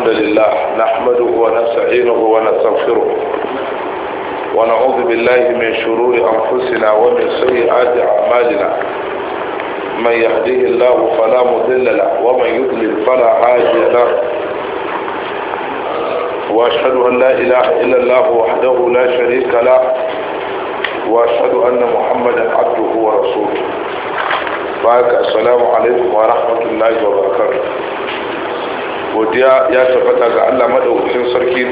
الحمد لله نحمده ونستعينه ونستغفره ونعوذ بالله من شرور أنفسنا ومن سيئات أعمالنا من يهديه الله فلا مضل له ومن يضلل فلا هادي له وأشهد أن لا إله إلا الله وحده لا شريك له وأشهد أن محمدا عبده ورسوله فاك السلام عليكم ورحمة الله وبركاته godiya ya tabbata ga allah maɗaukacin sarki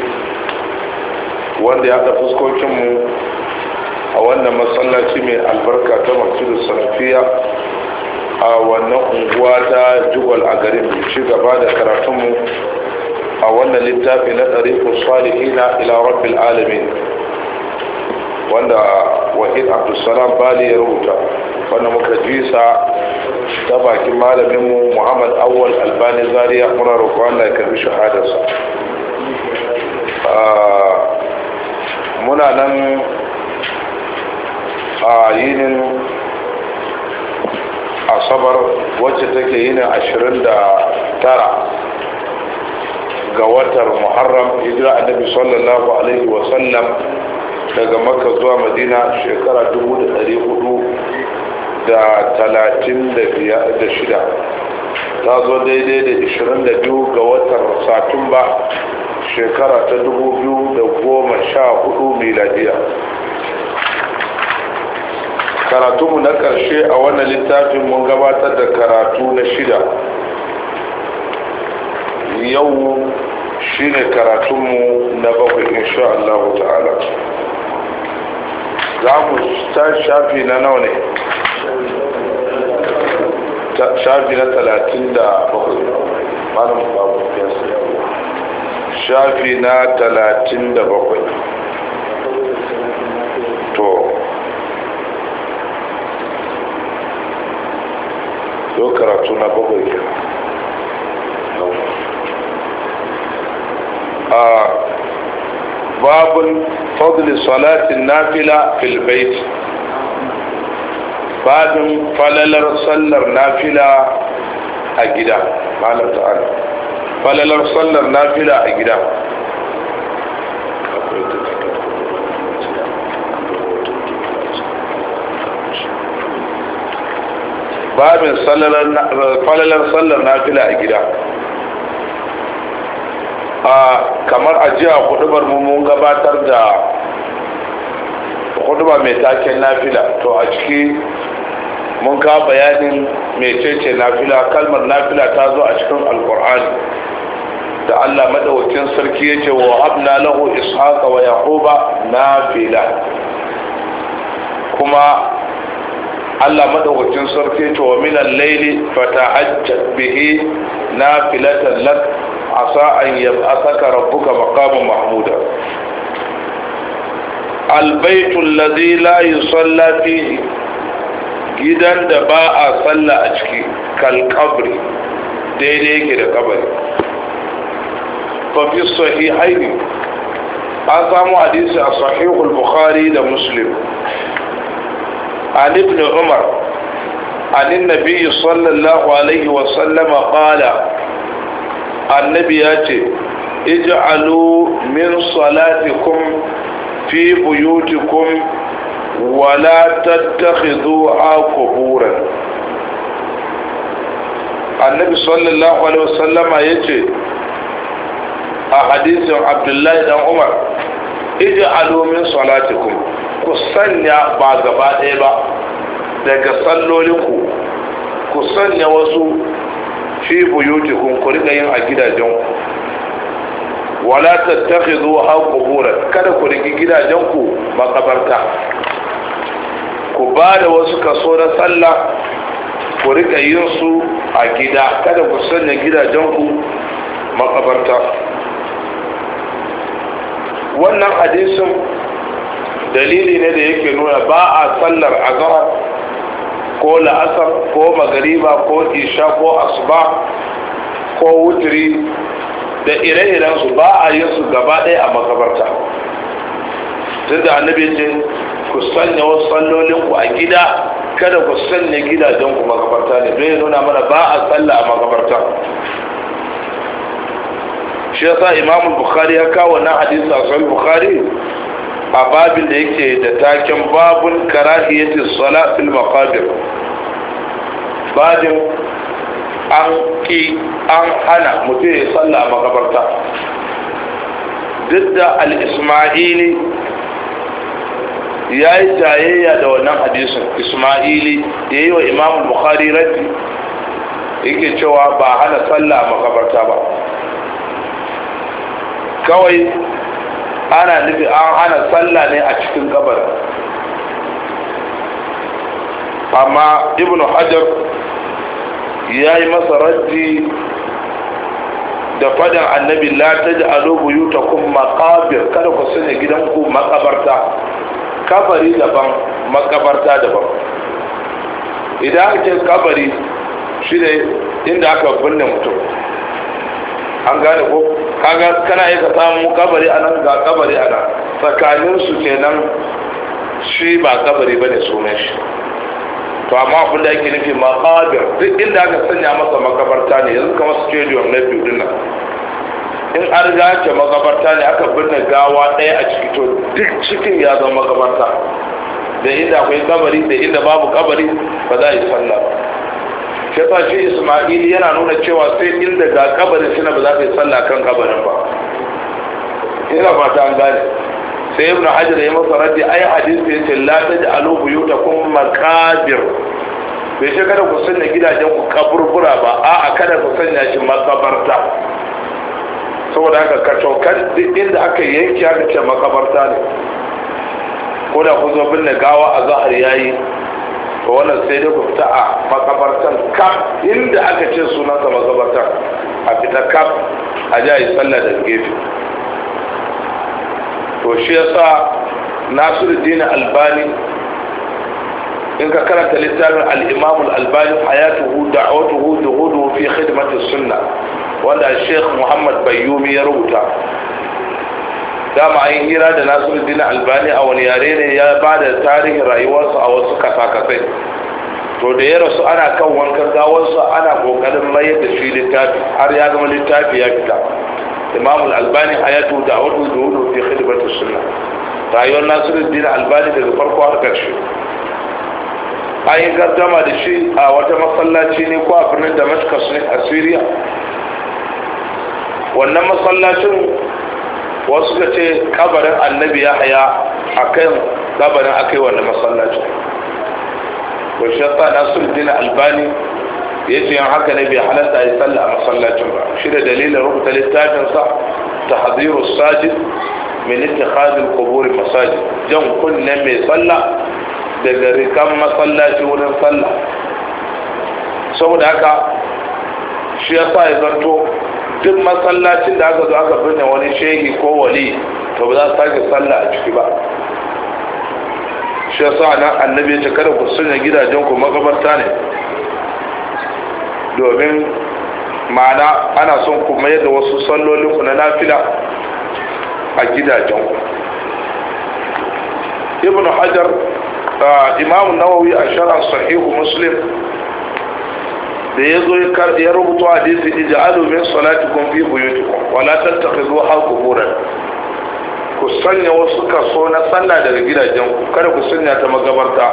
wanda ya haɗa fuskokinmu a wannan masallaci mai albarka ta masjidu sarafiya a wannan unguwa ta jubal a garin ci gaba da karatunmu a wannan littafi na ɗariƙun salihina ila rabbil alamin wanda wahid abdulsalam bali ya rubuta wanda muka jisa ta bakin malaminmu muhammad awal albani zaria muna roƙo allah ya karbi shahadarsa ah, muna nan a yinin asabar wacce take yinin ashirin da tara ga watar muharram hijira annabi sallallahu alaihi wasallam daga makka zuwa madina shekara 400 da talatin da shida ta zo daidai da ishirin da biyu ga watan satumba shekara ta dubu biyu da goma sha hudu miladiya karatunmu na ƙarshe a wannan littafin mun gabatar da karatu na shida yau shi ne karatunmu na bakwai insha Allah ta'ala za mu ta shafi na nawa ne shafi na talatin da bakwai malam shafi na talatin da bakwai to yau karatu na bakwai a babin fadli salatin nafila fil bait babin falalar sallar nafila a gida malam ta'ala falalar sallar nafila a gida babin falalar sallar nafila a gida a kamar ajiya hudubar mun gabatar da huduba mai taken nafila to a ciki mun ka bayanin mecece nafila kalmar nafila ta zo a cikin alkur'ani da Allah madawacin sarki ya ce wa habna lahu ishaqa wa yaquba nafila kuma Allah madawacin sarki ya ce wa min al-layli fata'ajjab bihi nafilatan lak asa an yab'athaka rabbuka maqaman mahmuda البيت الذي لا يصلى فيه gidan da ba a salla a ciki kalkabri daidai yake da kabari fafi sahihaini an samu hadisi a sahihul bukhari da muslim an ibn umar an nabi sallallahu alaihi wasallama qala annabi ya ce ij'alu min salatikum fi buyutikum wala tattakhizuha quburan annabi sallallahu alaihi wasallama yace a hadisin abdullahi dan umar iji alumin salatikum ku sanya ba gaba ɗaya ba daga sallolinku ku sanya wasu fi buyutikun ku riƙa yin a gidajenku wala tattakhidhu ha kada ku riki gidajen ku makabarta ku ba da wasu kaso na sallah ku rika yin su a gida kada ku sanya gidajen ku makabarta wannan hadisin dalili ne da yake nuna ba a sallar azhar ko la'asar ko magariba ko isha ko asuba ko wutri da ire-iren su ba a yin su gaba ɗaya a makabarta tun da annabi ce ku sanya wasu sallolin ku a gida kada ku sanya gidajen ku makabarta ne don ya nuna mana ba a tsalla a makabarta shi sa imam bukhari ya kawo na hadisi a sahih bukhari a babin da yake da taken babun karahiyati salat fil maqabir babin an ki an hana mutum ya salla a makabarta duk da al ya yi jayayya da wannan hadisin ismaili ya yi wa imam bukari raddi yake cewa ba hana sallah makabarta ba kawai ana nufi an hana sallah ne a cikin kabar amma ibn hajar ya yi masa raddi da fadan annabi la ta ji alo buyuta kun makabir kada ku sanya gidanku makabarta kabari daban makabarta daban idan ake kabari shi ne inda aka binne mutum an gane ko kaga kana yi ka samu kabari anan ga kabari anan tsakaninsu kenan shi ba kabari bane sunan shi to amma abin da yake nufi maqabir duk inda aka sanya masa makabarta ne yanzu kamar stadium na biyu din nan in an riga ce makabarta ne aka binne gawa ɗaya a ciki to duk cikin ya zama makabarta da inda akwai kabari da inda babu kabari ba za a yi sallah ba shi yasa shi isma'il yana nuna cewa sai inda ga kabarin suna ba za ka yi sallah kan kabarin ba ina fata an gane sai ibn hajar ya masa raddi ai hadisi yace la taj'alu buyutakum maqabir bai ce kada ku sanya gidajen ku kaburbura ba a'a kada ku sanya shi makabarta saboda haka kacokan inda aka yanki aka ce makabarta ne ko da kun zo binne gawa a zahar yayi to wannan sai dai ku fita a makabartan kaf inda aka ce sunansa makabartan a fita kaf a ji a yi sallah da gefe to shi yasa dina albani in ka karanta littafin al-imam al-albani hayatuhu da'watuhu juhuduhu fi khidmati sunna wanda sheikh muhammad bayyumi ya rubuta dama an hira da dina albani a wani yare ne ya ba da tarihin rayuwarsa a wasu kasa-kasai to da ya rasu ana kan wankan gawarsa ana kokarin mayar da shi littafi har ya gama littafi ya fita imam al-albani hayatu da'watu zuhudu fi khidmat as-sunnah rayuwar nasiruddin albani daga farko har karshe an yi gardama da shi a wata masallaci ne ko a birnin damascus ne a syria wannan masallacin wasu ka ce kabarin annabi ya haya a kan kabarin aka yi wannan masallacin bashir ta nasiruddin albani ya ce haka ne bai halatta ya salla a masallacin ba shi da dalilin rubuta littafinsa ta hadiru sajid min ittikhadil qubur masajid jan kunne mai salla daga rikan masallaci wurin salla saboda haka shi ya sa ya zanto duk masallacin da aka zo aka binne wani shehi ko wali to ba za su sake salla a ciki ba shi ya sa nan annabi ya ce kada ku sanya gidajen ku makabarta ne domin ma'ana ana son ku mayar da wasu sallolinku na nafila a ku. ibn hajar imam nawawi a shara sahihu muslim da ya zo ya rubuta hadisi ija'alu min salatikum fi buyutikum wa la tattakhizuha quburan ku sanya wasu kaso na sallah daga gidajen ku, kada ku sanya ta magabarta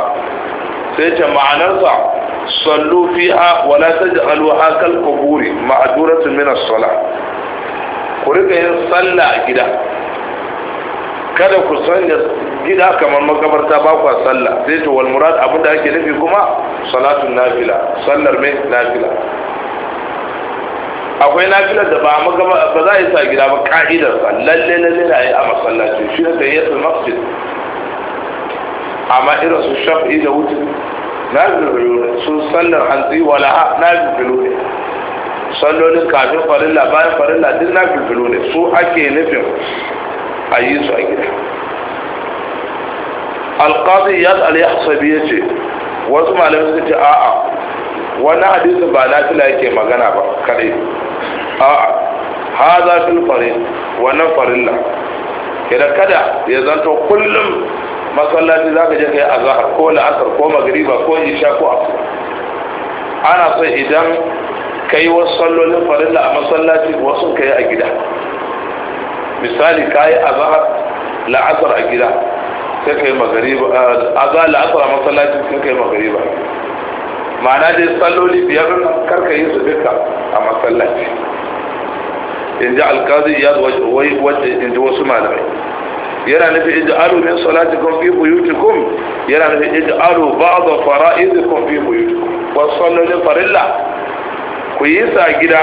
sai ta ma'anarsa sallu fiha wa la taj'alu akal quburi ma'duratun min as-salah ku rika yin sallah a gida kada ku sanya gida kamar makabarta ba ku sallah sai to wal murad abinda ake nufi kuma salatun nafila sallar mai nafila akwai nafilar da ba ba za a yi sa gida ba ka'idar sa lalle lalle da yi a masallaci shi ne da yasul masjid amma irin su shafi da wuce la yubilu su sallar hantsi wala na yubilu ne sallolin kafin farilla bayan farilla duk na yubilu ne su ake nufin a yi su a gida alqadi yad al ya ce wasu malamai suka ce a'a wannan hadisin ba na fila yake magana ba kadai a'a hadha fil farid wannan farilla kada kada ya zanto kullum masallaci za ka je ka yi azahar ko la'asar ko magariba ko isha ko abu ana son idan ka yi wasu sallolin farilla a masallaci wasu ka yi a gida misali ka yi azahar la'asar a gida sai ka yi magariba eh, azahar la'asar a masallaci sai ka yi magariba ma'ana dai salloli biyar nan karka yi su duka a masallaci in ji alkazi ya wace in ji wasu malamai yana nufin alu min kun fi buyutikum yana nufin ij'alu ba'd kun fi buyutikum wa sallu farilla ku yi sa gida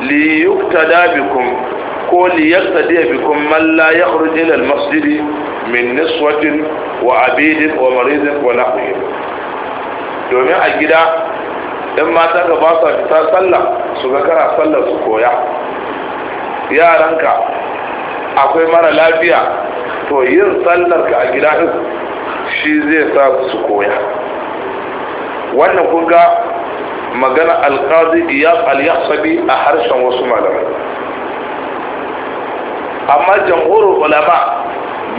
liyukta yuktada bikum ko liyakta yaqtadi bikum malla ya yakhruj ila al-masjid min niswatin wa abidin wa maridin wa nahwihi domin a gida in mata ka ba su fita sallah su ga kana sallah su koya yaranka akwai mara lafiya to yin sallar ka a gida din shi zai sa su koya wannan kun ga magana alkazi iyas al-yahsabi a harshen wasu malamai amma jamhurin ulama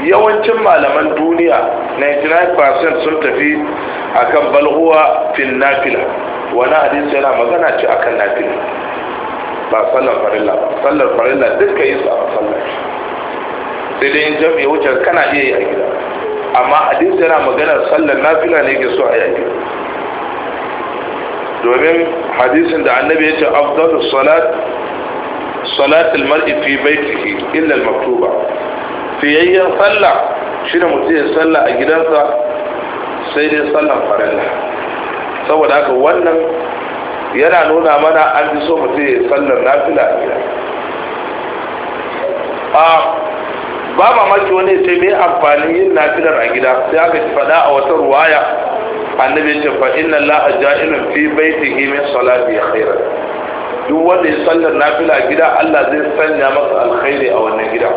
yawancin malaman duniya 99% sun tafi akan balhuwa fil nafila wani hadisi yana magana ce akan nafila ba sallar farilla ba sallar farilla duka yi sa sallar sai dai in jami'i wuce kana iya yi a gida amma hadisi yana maganar sallar nafila ne ke so a yi a domin hadisin da annabi ya ce afdalus salat salatul mar'i fi baitihi illa al-maktuba fiyayyen sallah shi da mutum ya sallah a gidansa sai dai sallan farilla saboda haka wannan yana nuna mana an fi so mutum ya sallar nafila a gida ba mamaki wani sai mai amfanin yin nafilar a gida sai aka ci faɗa a wata ruwaya annabi ce fa inna la ajailun fi baitihi min salati khairan duk wanda ya sallar nafila a gida Allah zai sanya masa alkhairi a wannan gida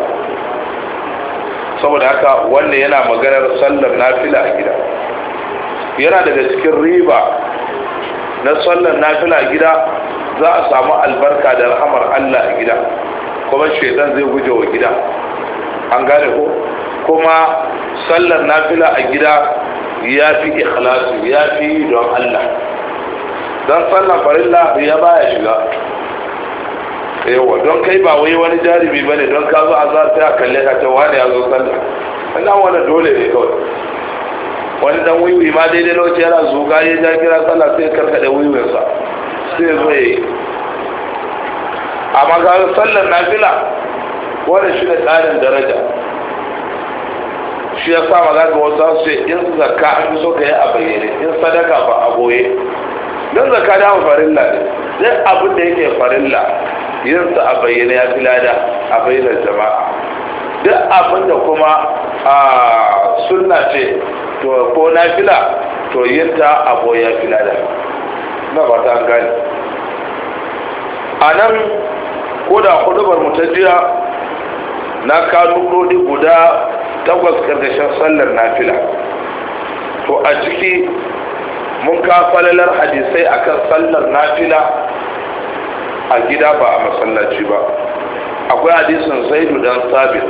saboda haka wanda yana maganar sallar nafila a gida yana daga cikin riba na sallar nafila a gida za a samu albarka da rahamar Allah a gida kuma shaitan zai guje wa gida an gane ko kuma sallar nafila a gida ya fi ikhlasu ya fi don Allah don sallar farilla ya baya shiga yawa don kai ba wai wani jarumi ba ne don ka zo a za ta kalle ka ta wani ya zo sallar ina wani dole ne kawai wani dan wiwi ma daidai lokaci yana zuga ya ja kira sallah sai karkade wiwinsa sai zo sai yi amma ga sallar nafila wannan shi ne tsarin daraja shi ya sa za ka wasu su in zaka an fi so ka yi a bayyane in sadaka ba a goye don zakka da farilla ne duk abin da yake farilla yin sa a bayyane ya fi lada a bayyanar jama'a duk abin da kuma a sunna ce to ko na fila to yin ta a boye ya fi lada na ba ta gani a nan ko da kudubar mutajiya na kanurori guda takwas karkashin sallar nafila to a ciki mun kafalalar hadisai akan sallar nafila a gida ba a masallaci ba akwai hadisun zaidu dan sabit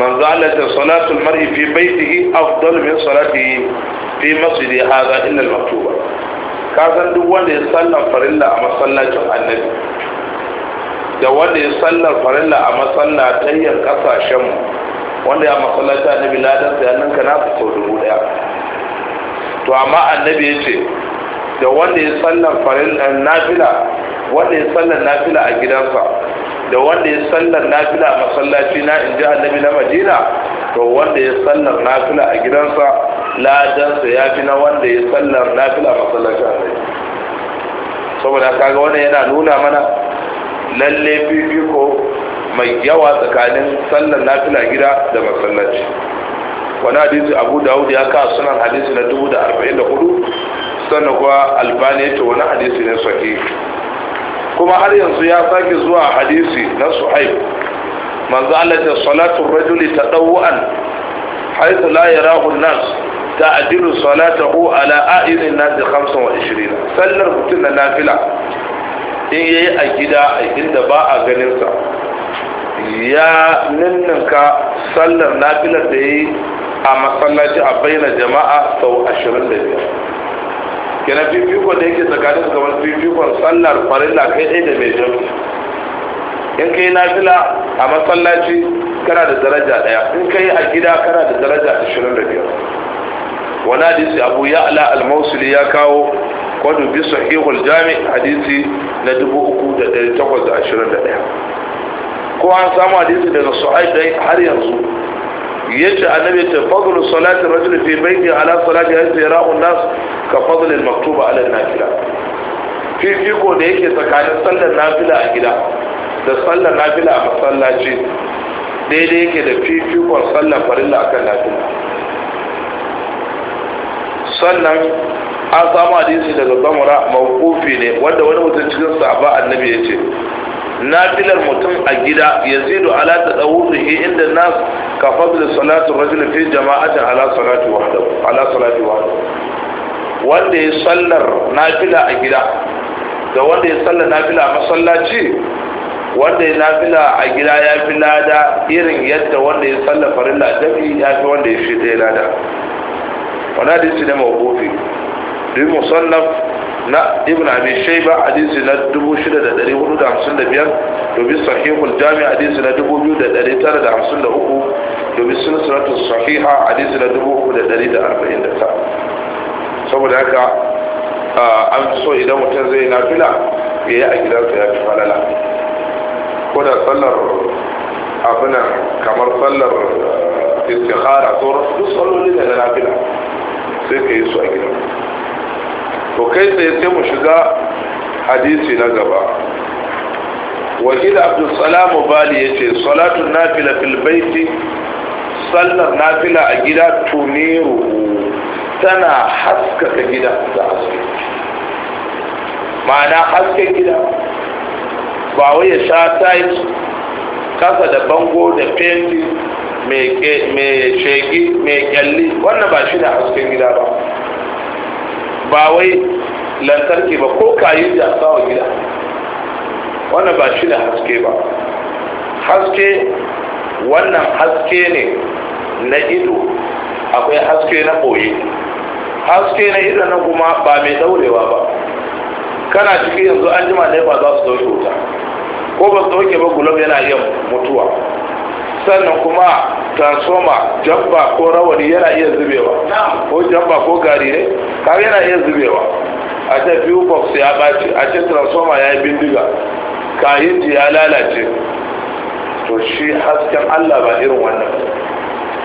man zalata salatul mar'i fi baitihi afdal min salatihi fi masjidi hadha illa al-maktuba ka san duk wanda ya sallan farilla a masallacin annabi da wanda ya sallar farilla a ta masallatayyar kasashenmu wanda ya masallata annabi ladansa ya ninka na sau dubu daya to amma annabi ya ce da wanda ya sallar farilla fila wanda ya sallar nafila a gidansa da wanda ya sallar fila a masallaci na in ji annabi na madina to wanda ya sallar nafila a gidansa ladansa ya fi na wanda ya sallar nafila a masallaci a saboda kaga wani yana nuna mana lalle fifiko mai yawa tsakanin sallar nafila gida da masallaci wani hadisi abu dawud ya kawo sunan hadisi na 1044 sannan kuwa albani ya ce wani hadisi ne sahi kuma har yanzu ya sake zuwa hadisi na suhaib manzo Allah ta salatu rajuli tadawwan haythu la yarahu an-nas ta'dilu salatahu ala a'yunin nas 25 sallar mutum na nafila in yayi a gida a inda ba a ganinsa ya ninninka sallar nafilar da yi a masallaci a bayyana jama'a sau 25 kenan fifiko da yake tsakanin kamar fifikon sallar farilla kai ɗaya da mai jami in kai nafila a masallaci kana da daraja ɗaya in kai a gida kana da daraja 25 wani hadisi abu ya ala al-mausuli ya kawo wadu bi sahihul jami hadisi na 3821 ko an samu hadisi daga su'aib dai har yanzu yace annabi ta fadlu salati rajul fi baiti ala salati haythu yara'u an-nas ka fadli maktuba ala an-nafila fifiko da yake tsakanin sallar nafila a gida da sallar nafila a masallaci daidai yake da fifikon sallar farilla akan nafila sannan an samu hadisi daga samura mawkufi ne wanda wani mutum cikin sahaba annabi ya ce nafilar mutum a gida yazidu ala ta tadawuhi inda na ka fadl salatu rajul fi jama'ati ala salati wahdahu ala salati wahdahu wanda ya sallar nafila a gida da wanda ya sallar nafila a masallaci wanda ya nafila a gida ya fi lada irin yadda wanda ya sallar farilla dafi ya fi wanda ya fi ɗaya lada wani hadisi ne mawkufi bi musannaf na ibn abi shayba hadisi na 6455 dobi sahihul jami hadisi na 2953 dobi silsilatu sahiha hadisi na 3149 saboda haka an so idan mutum zai na fila ya yi a gidansa ya fi falala ko da sallar abin kamar sallar istikhara sauransu duk salloli da na fila sai ka yi su a gidansa to kai tsaye sai mu shiga hadisi na gaba wakil abdulsalam bali ya ce salatun nafila fil sallar nafila a gida tuniru tana haskaka gida da haske ma'ana hasken gida ba wai ya sha tait, kasa da bango da fenti mai sheƙi mai kyalli wannan ba shi da hasken gida ba ba wai lantarki ba ko kayi da sawa gida wannan ba shi da haske ba haske wannan haske ne na ido akwai haske na boye haske na ido na kuma ba mai daurewa ba kana ciki yanzu an jima ne ba za su dauke wuta ko ba su dauke ba gulob yana yin mutuwa sannan kuma transformer jamba ko rawani yana iya zubewa ko jamba ko gari ne kaga yana iya zubewa a ce fuel box ya ɓaci a ce transformer ya yi bindiga kayan ya lalace to shi hasken allah ba irin wannan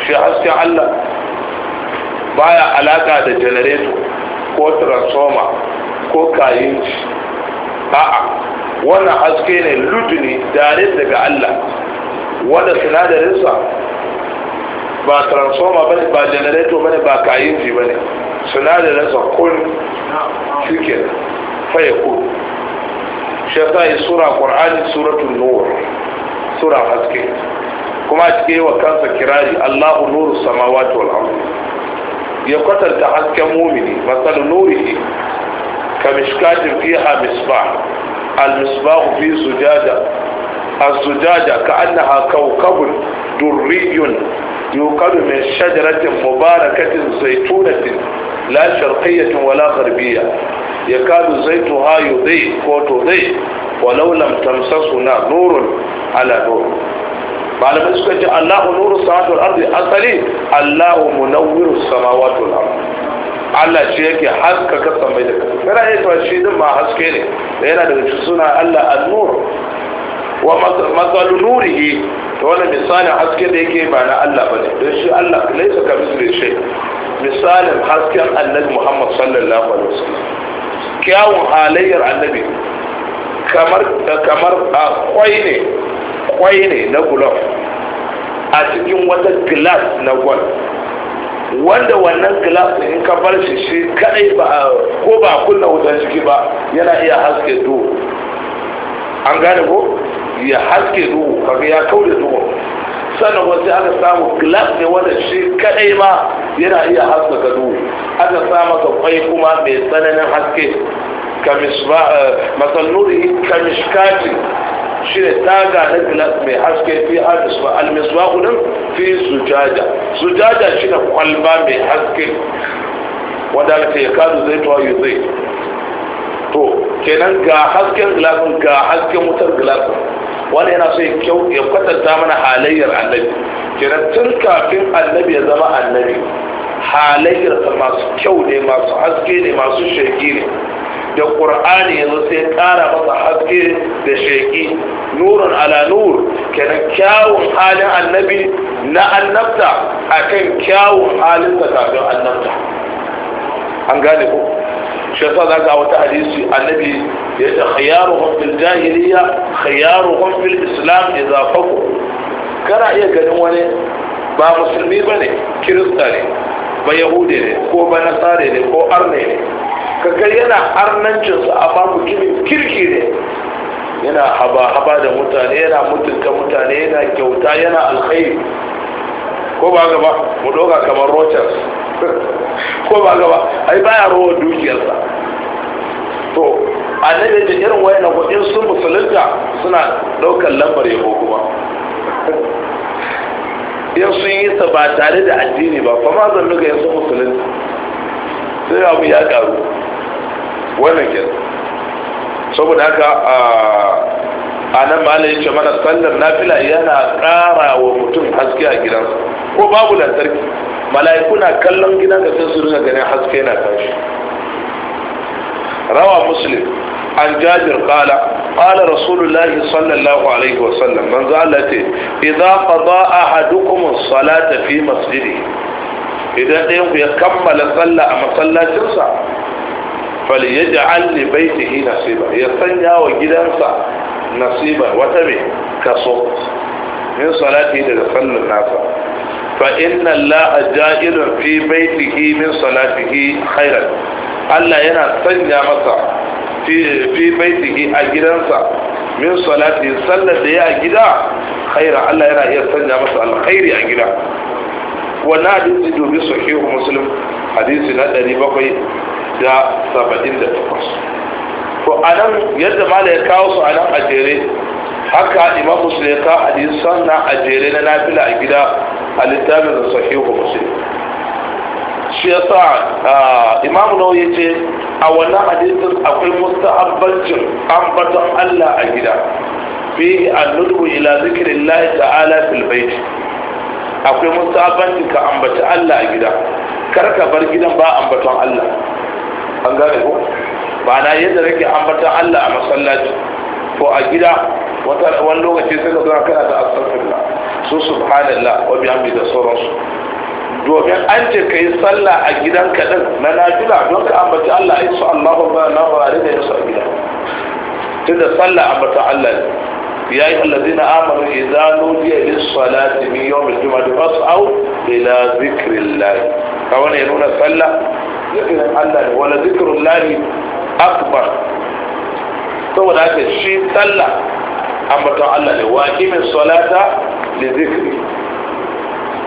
shi hasken allah baya alaka da janareto ko transformer ko kayan a'a wannan haske ne luduni dare daga allah wanda sinadarinsa ba transformer bane ba generator bane ba kayinji bane sinadarin sa kun shike fa ya ku shi yasa yi sura qur'ani suratul nur sura haske kuma a cikin wa kansa kirari allahu nuru samawati wal ardi ya kwatanta hasken mumini masalu ne. ka mishkatin fiha misbah al misbah fi sujada الزجاجة كأنها كوكب دري يوقد من شجرة مباركة زيتونة لا شرقية ولا غربية يكاد زيتها يضيء وتضيء ولو لم تمسسنا نور على نور malamai suka ce allahu nuru samawati wal ardi asali allahu munawwiru samawati wal ardi Allah shi yake haska ka samai da kasa kana yi cewa shi din ma haske ne yana daga cikin suna Allah an-nur wa matsalu yi ta wani misalin haske da yake ba na Allah ba ne don shi Allah laisa ka misali shi misalin hasken annabi Muhammad sallallahu alaihi wasu kyawun halayyar annabi kamar kamar a kwai ne kwai ne na gulof a cikin wata glass na gwal wanda wannan glass in ka bar shi shi kadai ba ko ba kunna wutar ciki ba yana iya haske duhu an gane ko ya haske duhu kaga ya kaure duhu sannan wasu aka samu glass ne wanda shi kadai ma yana iya haskaka duhu aka sa ka kwai kuma mai tsananin haske eh, masannuri kamishkati shi ne taga na glass mai haske fi hadisba almisbahu din fi sujaja sujaja shi ne kwalba mai haske wanda aka ya kadu zai tuwa yi zai to kenan ga hasken glasin ga hasken wutar glasin wani yana so ya kwatanta mana halayyar annabi kenan tun kafin annabi ya zama annabi halayyarsa masu kyau ne masu haske ne masu sheki ne da ƙur'ani yanzu sai ƙara masa haske da sheki nurun ala nur kenan kyawun halin annabi na annabta akan kyawun ta kafin annabta an gane ko shafa ga za ga wata hadisi annabi ya ce khayaru fil jahiliya khayaru fil islam idza faqu kana iya ganin wani ba musulmi bane kirista ne ba yahude ne ko ba nasare ne ko arne ne ga yana arnancinsa amma mutumin kirki ne yana haba haba da mutane yana mutunta mutane yana kyauta yana alkhairi ko ba gaba mu ɗoga kamar rochers ko ba gaba ai baya dukiyar dukiyarsa to a annabi da irin na ko in sun musulunta suna ɗaukar lambar yabo kuma in sun yi sa ba tare da addini ba kuma ma zan ga yanzu musulunta sai abu ya karu wannan kenan saboda haka ah, a nan ma ya ce mana sallar nafila yana ƙara wa mutum haske a gidansa ko babu lantarki mala'iku na kallon gidan da sai su rika ganin haske na tashi rawa muslim عن جابر قال قال رسول الله صلى الله عليه وسلم من زالت إذا قضى أحدكم الصلاة في مسجده إذا يكمل صلى أما صلى ترسى falyaj'al li baytihi nasiba ya sanya wa gidansa nasiba wata mai kaso min salati daga sallar nasa fa inna la'a ja'ilun fi baytihi min salatihi khairan Allah yana sanya masa fi baitihi a gidansa min salati sallar da ya a gida khaira Allah yana iya sanya masa alkhairi a gida wannan hadisi dubi sahihu muslim hadisi na 778 to anan yadda mala ya kawo su anan a jere haka imam muslim ya kawo hadisan na a jere na nafila a gida a littafin da sahihu muslim shi ya sa imam nau ya ce a wannan hadisin akwai musta'abbancin ambaton allah a gida fi an nudu ila zikirin ta'ala fil baiti akwai musabanci ka ambaci Allah a gida kar ka bar gidan ba ambaton Allah an gane ko ba na yadda rake ambaton Allah a masallaci ko a gida wani lokaci sai ka zama kana da astaghfirullah su subhanallah wa bihamdi da sauransu domin an ce ka yi sallah a gidanka din na nafila don ka ambaci Allah a yi su Allahu ba na ba da su a gida tunda sallah ambaton Allah ne يا أيها الذين آمنوا إذا نودي للصلاة من يوم الجمعة فاسعوا إلى ذكر الله كون ينون صلى ذكر الله ولا ذكر الله أكبر saboda haka shi sallah ambaton Allah ne wa salata li zikri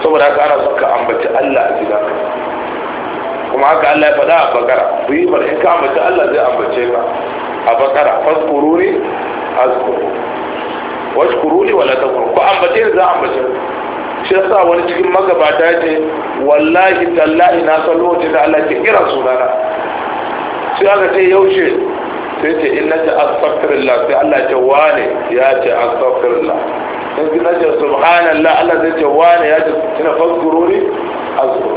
saboda haka ana son Allah a gidanka kuma haka Allah ya faɗa a bakara ku yi in ka ambaci Allah zai ambace ka a bakara faskururi azkuru wasu kuruli wala ta ku ambace ni za ambace shi yasa wani cikin magabata ya ce wallahi tallahi na san lokacin da Allah ke kira sunana sai aka ce yaushe sai ce in nace astaghfirullah sai Allah ya ce wane ya ce astaghfirullah sai ki nace subhanallah Allah zai ce wane ya ce kina fazkuruni azkur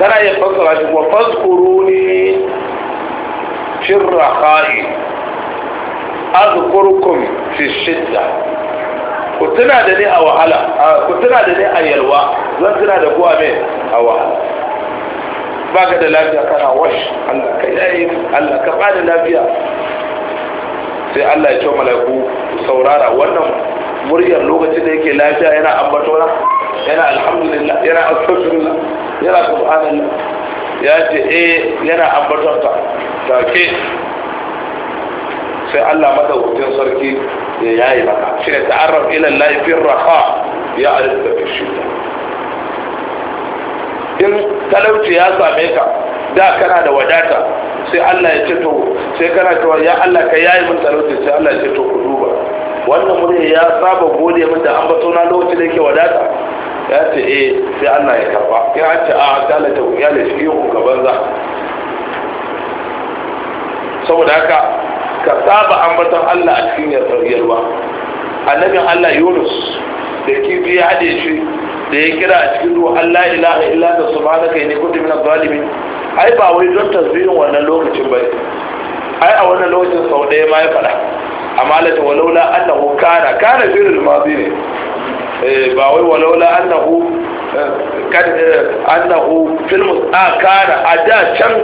kana ya fasara shi wa fazkuruni shirra kha'i azkurkum fi shidda ku tuna da ni a wahala ku tuna da ni a yalwa zan tuna da ku a me a wahala ba ka da lafiya kana wash Allah ka yayi Allah ka bada lafiya sai Allah ya ce malaku saurara wannan muryar lokacin da yake lafiya yana ambato na yana alhamdulillah yana astaghfirullah yana subhanallah ya ce eh yana ambaton take sai Allah madaukakin sarki ya yayi maka shi ne ta'arraf ila Allah fi raha ya alifta fi shida in talauci ya same ka da kana da wadata sai Allah ya ce to sai kana cewa ya Allah ka yayi min talauci sai Allah ya ce to ku duba wannan murya ya saba gode min da an bato na lokacin da yake wadata ya ce eh sai Allah ya karba ya ce a ah, dala ta ya da shi ku gaban za saboda haka ka saba ambaton Allah a cikin yarwa annabin Allah Yunus da kifi ya haɗe shi da ya kira a cikin ruwa Allah ilaha illa ta kai inni kuntu minaz zalimin ai ba wai don tasbihin wannan lokacin ba ai a wannan lokacin sau ɗaya ma ya faɗa amma la ta walaula annahu kana kana fi'il madi ne eh, ba wai walaula annahu eh, eh, annahu fil mus'a kana a da can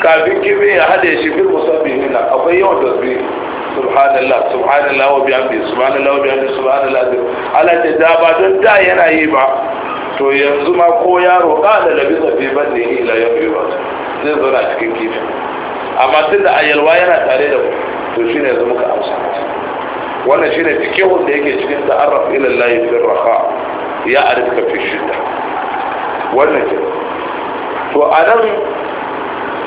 kafin kifin ya haɗe shi bil musabbihina akwai yawan tasbih subhanallah subhanallah wa bihamdi subhanallah wa bihamdi subhanallah ala ta da ba don da yana yi ba to yanzu ma ko yaro kada bisa fi banne ila yau yau zai zauna cikin kifin amma tun da ayalwa yana tare da mu to shine yanzu muka amsa wannan shine cikin da yake cikin ta'arraf ila Allah fi raha ya arifka fi shida wannan ke to anan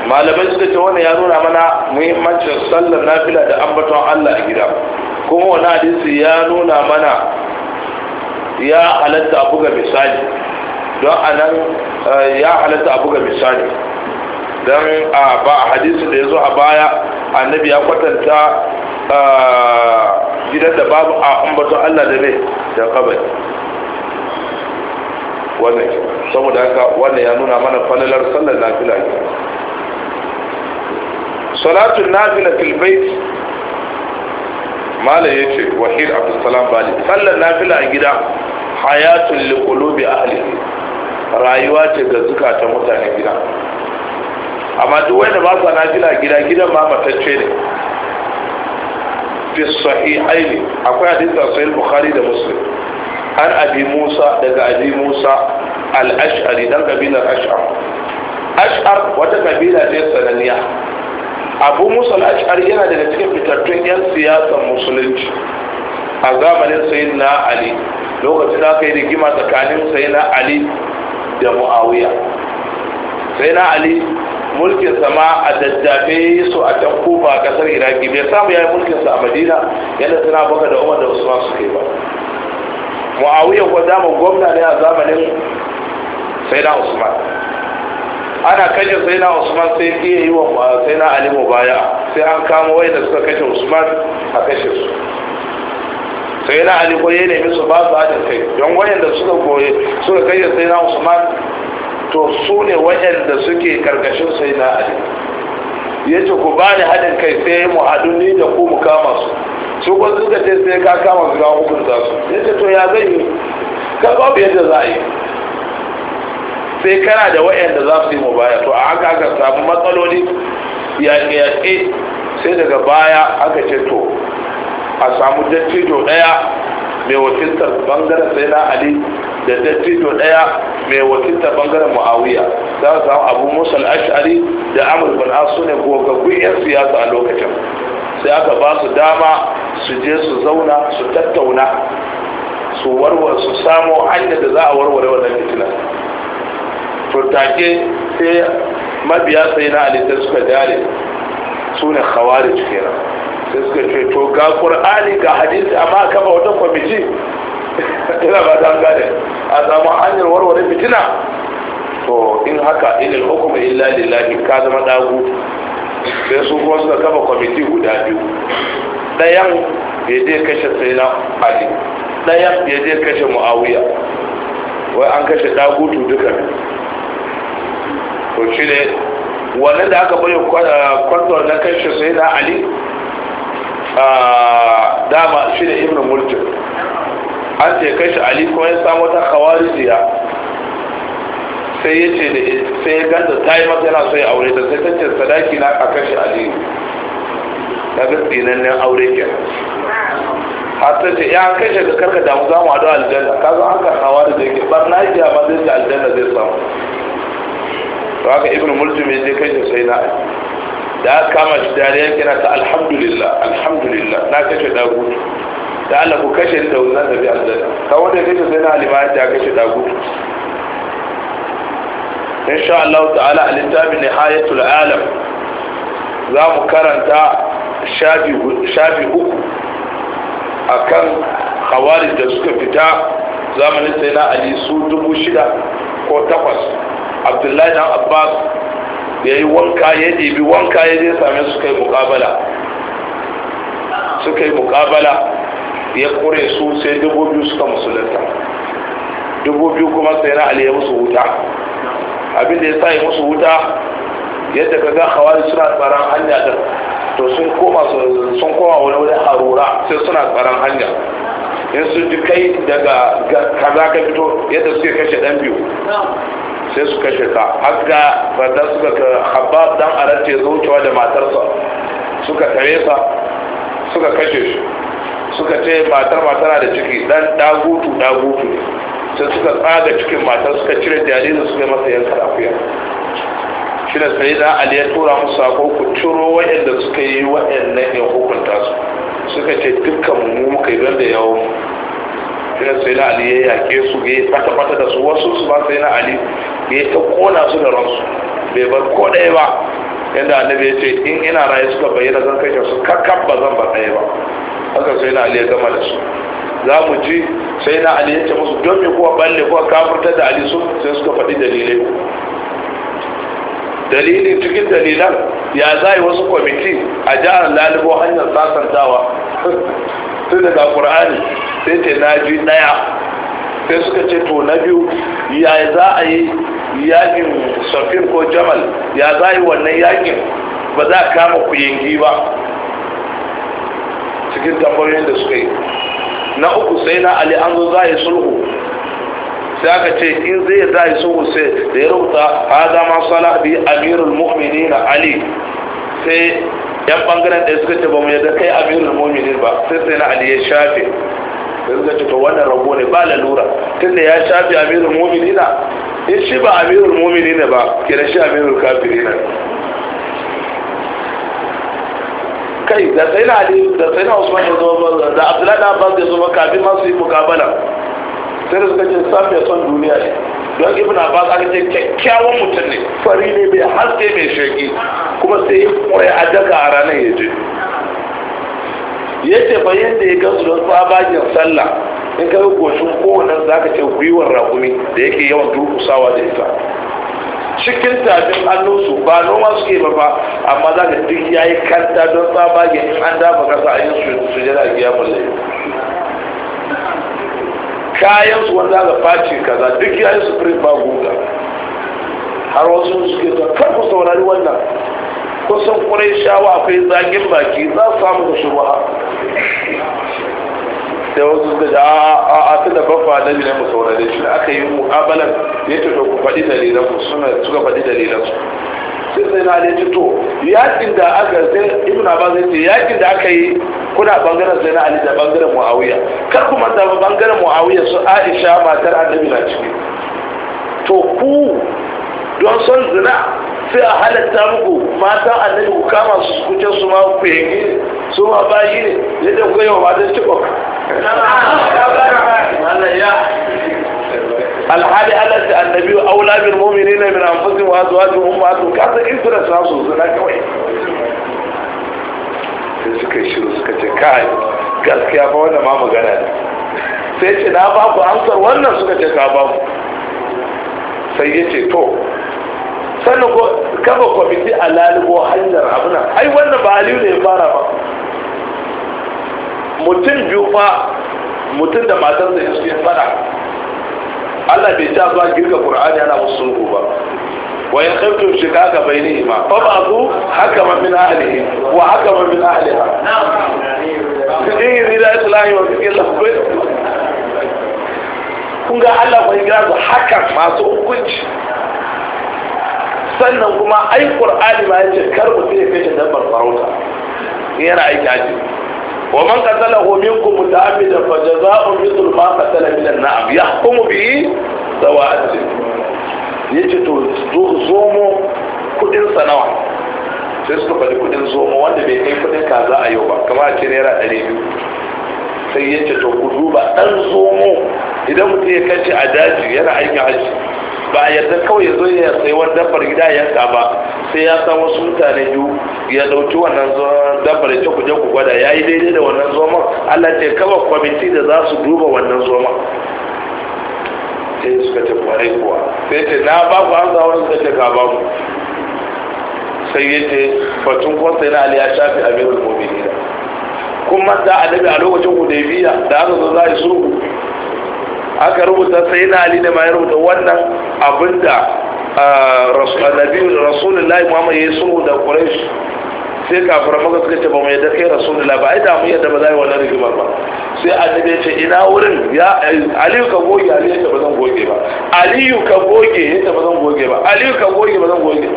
malamai suka ce wannan ya nuna mana muhimmancin sallar nafila da ambaton Allah a gida kuma wani hadisi ya nuna mana ya halatta a buga misali don a nan eh, ya halatta a buga misali don a ba a hadisi da ya zo a baya annabi ya kwatanta eh, gidan da babu a ambaton Allah da ne da kabari wannan saboda haka wannan ya nuna mana falalar sallar nafila gida salatun nafila fil bait malam ya ce wahid abdulsalam bali sallar nafila a gida hayatun liqulubi ahlihi rayuwa ce ga zukatan mutanen gida amma duk wanda ba sa nafila a gida gidan ma matacce ne fi sahihaini akwai hadisi a sahih bukhari da muslim an abi musa daga abi musa al-ash'ari dan kabilar ash'ar ash'ar wata kabila ce sananniya abu musa al'ashari yana daga cikin fitattun 'yan siyasan musulunci a zamanin sayin na ali lokacin da aka yi rigima tsakanin sayin na ali da mu'awiya sayin na ali mulkin sama a daddafe su a can kufa kasar iraki bai samu ya yi sa a madina yadda suna baka da umar da usman su ke ba mu'awiya kuwa damar gwamna ne a zamanin sayin na usman ana kashe sai na usman sai iya yi wa uh, sai na ali baya sai an kama wai da suka kashe usman a kashe su sai na ali ko ya nemi su ba su haɗin kai don wayanda suka goye suka kashe sai na usman to su ne wayanda suke karkashin sai na ali ya ce ku bani haɗin kai sai mu haɗu ni da ku mu kama su su ko suka ce sai ka kama su ga hukunta su ya ce to ya zai yi ka babu yadda za a yi sai kana da da za su yi mu baya to a haka aka samu matsaloli yaƙe-yaƙe sai daga baya aka ce to a samu dattijo ɗaya mai wakiltar bangaren sai na ali da dattijo ɗaya mai wakiltar bangaren muawiya za su samu abu musa al'ashari da amur bin asu ne gogaggun 'yan siyasa a lokacin sai aka ba su dama su je su zauna su tattauna su warware su samo hanyar da za a warware wannan fitilar furtake sai mabiya sai na ali suka dare su ne khawarij kenan sai suka ce to ga qur'ani ga hadisi amma ba wata kwamiti ina ba ta gane a samu hanyar warware fitina to in haka ilil hukum illa lillahi ka zama dagu sai su kuma suka kafa kwamiti guda biyu ɗayan bai je kashe sai na ali ɗayan bai je kashe muawiya wai an kashe dagutu duka to shi ne wannan da aka bai kwanto na kashi sai na ali dama shi ne ibn mulkin an ce kashi ali kuma ya samu ta jiya, sai ya ce da sai ya ganta ta yi masa yana sai ya aure ta sai ta ce sadaki na a kashi ali na ga tsinannen aure ke. hatta ce ya kashe ka karka damu za mu haɗu aljanna ka zo an ka hawa da zai ke barna ya ma zai aljanna zai samu to haka ibn mulzum ya je kai sai na da kama shi dariya kina ta alhamdulillah alhamdulillah na kashe dagutu da Allah ku kashe da wannan da bi aljanna ka wanda kashe sai na alima ya kashe dagutu insha Allah ta'ala a littafin nihayatul alam za mu karanta shafi uku akan khawarij da suka fita zamanin sai na ali su dubu shida ko takwas abdullahi dan abbas ya yi wanka ya ɗebi wanka ya je same su kai mukabala suka yi mukabala ya kure su sai dubu biyu suka musulunta dubu biyu kuma sai na ali ya musu wuta abinda ya sa ya musu wuta yadda ka ga hawari suna tsaron hanya da to sun koma sun koma wani wani harura sai suna tsaron hanya in sun ji kai daga kaza ka fito yadda suke kashe dan biyu sai su kashe ta haka fata suka ka habab dan arace zuciwa da matarsa suka tare sa suka kashe shi suka ce matar matana da ciki dan dagutu dagutu sai suka tsaga cikin matar suka cire jaririn suka masa yanka akuya shi da sai da ali ya tura musu sako ku ciro waɗanda suka yi waɗannan ya hukunta su suka ce dukkan mu muka yi don da yawon shi da sai da ali ya yake su ya fata-fata da su wasu su ba sai na ali Bai yi ta kona su da ransu bai bar ko ɗaya ba yadda annabi ya ce in ina raye suka bayyana zan kashe su kakan ba zan ba ɗaya ba haka sai na ali ya gama da su za mu ji sai na ali ya ce musu don me kuwa balle kuwa kafurta da ali sun sai suka faɗi dalilai dalilin cikin dalilan ya zai wasu kwamiti a jihar lalibo hanyar sasantawa tun daga ƙur'ani sai ce na ji ɗaya sai suka ce to na biyu ya za a yi yakin safir ko jamal ya za a yi wannan yakin ba za a kama kuyengi ba cikin tambayoyin da suka yi na uku sai na ali an zo za a yi sulhu sai aka ce in zai za a yi sulhu sai da ya rubuta hada ma sala bi amirul na ali sai yan bangaren da suka ce ba mu yadda kai amirul mu'mini ba sai sai na ali ya shafe da suka ce to wannan rabo ne ba lalura tunda ya shafi amirul mu'minina in eh, shi ba amirul mu'minina ba kira shi amirul kafirina kai da sai na ali da sai na usman ya zama da abdullahi da abbas ya zama kafin masu yi mukabala sai da suka ce safi ya son duniya ne don ibn abbas aka ce kyakkyawan mutum ne fari ne mai haske mai shaki kuma sai ya koya a daga a ranar ya je yadda bayan da ya gansu don tsabagen sallah in ka yi goshin kowane za ka ce gwiwar rakumi da yake yawan durkusawa da ita cikin tafin hannunsu ba noma suke ba ba amma za ka duk ya yi kanta don tsabagen in an dafa kasa a yin sujada a giya mulle kayan su wanda aka face kaza duk ya yi firin ba guga har wasu suke ta kar ku saurari wannan kusan kurai shawa akwai zagin baki za su samu da ba Da wasu da da a a ta da bafa da jina mu saurare shi aka yi mu'amalan ya ce to ku faɗi dalilan ku suna suka faɗi dalilan su sai sai na da to yakin da aka sai ibn abbas ya ce yakin da aka yi kuna bangaren sai na ali da bangaren muawiya kar ku manta ba bangaren muawiya su aisha matar annabi na ciki to ku don son zina sai a halatta muku mata annabi ku kama su kucin su ma ku yanke su ma ba shi ne yadda ku yawa matan don cikok alhali Allah ta annabi wa aula ne na min anfusihim wa azwajihim ummahatuhum ka san in suna sa su na kawai sai suka shiru suka ce kai gaskiya fa wanda ma magana ne sai ce na ba ku amsar wannan suka ce ka ba ku sai ya ce to sannan ko kafa kwamiti a lalubo hanyar abuna ai wannan ba aliyu ne ya fara ba mutum biyu fa mutum da matar da yasu ya fara Allah bai ta ba girka Qur'ani yana musu sulhu ba wa in khiftum shikaka bainihima fa haka ma min ahlihi wa ma min ahliha in ila islahi wa fikir lafbai kun ga Allah bai gira su hakan masu hukunci sannan kuma ai qur'ani ma yace kar sai kai da bar farauta yana aiki aji. wa man hu minkum muta'ammidan fa jazaa'u mithlu ma qatala min an-na'am yahkumu bi sawa'at yace to zomo kudin sanawa sai suka faɗi kudin zomo wanda bai kai kudin kaza a yau ba kamar a ce naira ɗari biyu sai ya ce to ku duba ɗan zomo idan mutum ya kace a daji yana aikin hajji ba a yarda kawai ya zo ya sai wani dabbar gida yanka ba sai ya san wasu mutane biyu ya dauki wannan dabbar ya ku je ku gwada ya yi daidai da wannan man allah ce kawai kwamiti da za su duba wannan man sai suka ce kwarai kuwa sai ce na ba ku an zawar suka ce ka ba mu sai ya ce batun kwanta yana ali ya shafi amirul mu'minin kun a annabi a lokacin hudaybiya da aka zo za a yi sulhu aka rubuta sai na ali da mai rubuta wannan abinda nabi rasulullahi muhammad ya yi sulhu da quraish sai kafin maka suka ce ba mu yadda kai rasulullahi ba ai da mu yadda ba za yi wannan rigimar ba sai annabi ya ce ina wurin ya aliyu ka goge aliyu ya ce ba zan goge ba aliyu ka goge ya ce ba zan goge ba aliyu ka goge ba zan goge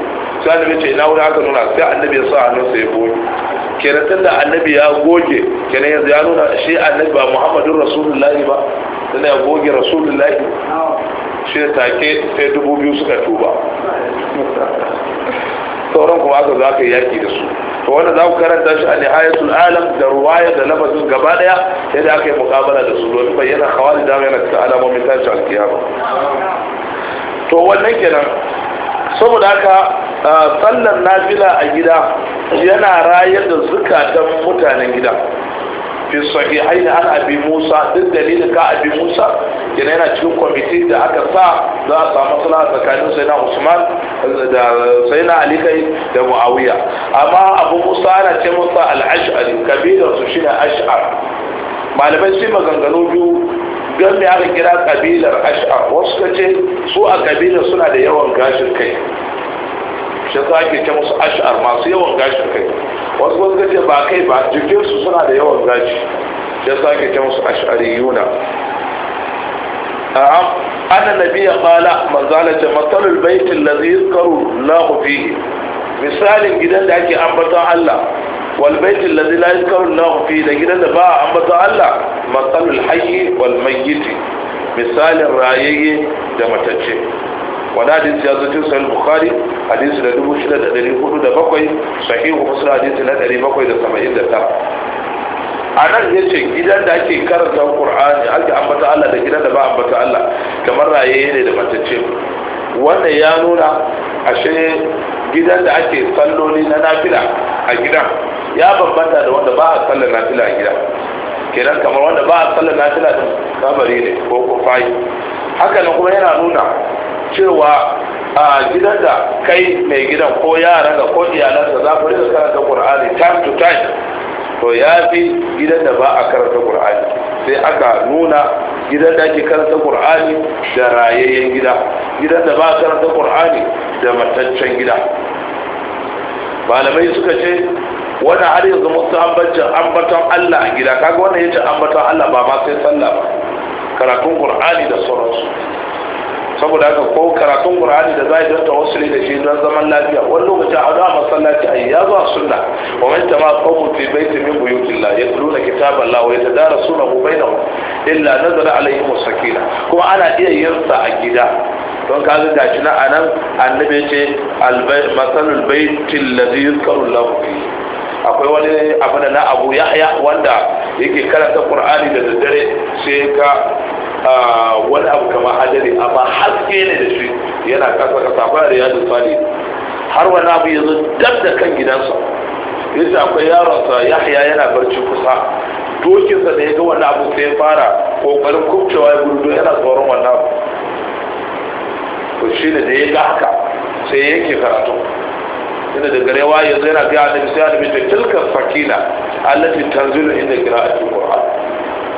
sai annabi ya ce ina wurin haka nuna sai annabi ya sa hannunsa ya goge kenan tunda annabi ya goge kenan yanzu ya nuna shi annabi ba muhammadun rasulullahi ba suna ya goge rasulullahi shi da take sai dubu biyu suka tuba sauran kuma aka za ka yaki da su to wanda za ku karanta shi a nihayatul alam da ruwaya da lafazin gaba daya yadda aka yi mukabala da su domin bayyana hawali da yana cikin alamomin tashi alkiyama to wannan kenan saboda haka tsallan nafila a gida yana rayar da zukatan mutanen gida fi sahihaini an abi musa duk dalilin ka abi musa yana yana cikin kwamiti da aka sa za a samu suna tsakanin na usman da sai na alikai da muawiya amma abu musa ana ce musa al'ash'ari kabilar su shi ne ash'ar malamai sai maganganu biyu don me aka kira kabilar ash'ar wasu ka ce su a kabilar suna da yawan gashin kai shi ake ce musu ash'ar masu yawan gashin kai wasu wasu kace ba kai ba jikinsu suna da yawan zaci. ya sake ce musu ash'ariyuna na'am anna nabiyya qala manzala ce masalul bait allazi karu na fihi misalin gidan da ake ambaton Allah wal bait allazi la karu na fihi da gidan da ba a ambaton Allah masalul hayyi wal mayyit misalin rayayye da matacce wani hadisi ya zuci sahih bukhari hadisi da dubu shida da dari hudu da bakwai sahihu muslim hadisi na dari bakwai da saba'in da tara a nan ya ce gidan da ake karanta qur'ani ake ambata allah da gidan da ba ambata allah kamar raye ne da matacce wannan ya nuna ashe gidan da ake salloli na nafila a gidan ya bambanta da wanda ba a sallar nafila a gidan kenan kamar wanda ba a sallar nafila din kabari ne ko kofai haka nan kuma yana nuna cewa a gidan da kai mai gidan ko yaran da ko iyalansa za ku rika karanta qur'ani time to time to ya fi gidan da ba a karanta qur'ani sai aka nuna gidan da ke karanta qur'ani da rayayyen gida gidan da ba a karanta qur'ani da mataccen gida malamai suka ce wannan har yanzu musu ambaton ambaton Allah a gida kaga wannan yace ambaton Allah ba ma sai sallah ba karatun qur'ani da sauransu saboda haka ko karatun qur'ani da zai don tawassuli da shi don zaman lafiya wani lokaci a da masallaci yi ya zo sunna wa man tama qawmu fi baiti min buyutillah yatluna kitaballahi wa yatadarasunahu bainahum illa nazala alaihim as-sakina kuma ana iya yin sa a gida don ka ga gashi na anan annabi ce masalul baitil ladhi yuzkaru lahu akwai wani da na abu ya ya wanda yake karanta qur'ani da daddare sai ka wani abu kama hadari amma haske ne da shi yana kasa kasa ba da yadda sali har wani abu ya zo dab da kan gidansa yace akwai yaronsa ya yana barci kusa dokinsa da ya ga wani abu sai fara kokarin kubcewa ya gudu yana tsoron wannan abu to shi ne da ya ga haka sai yake karatu inda da gare wa yanzu yana biya annabi sai annabi da tilka sakina allati tanzilu inda qira'atul qur'an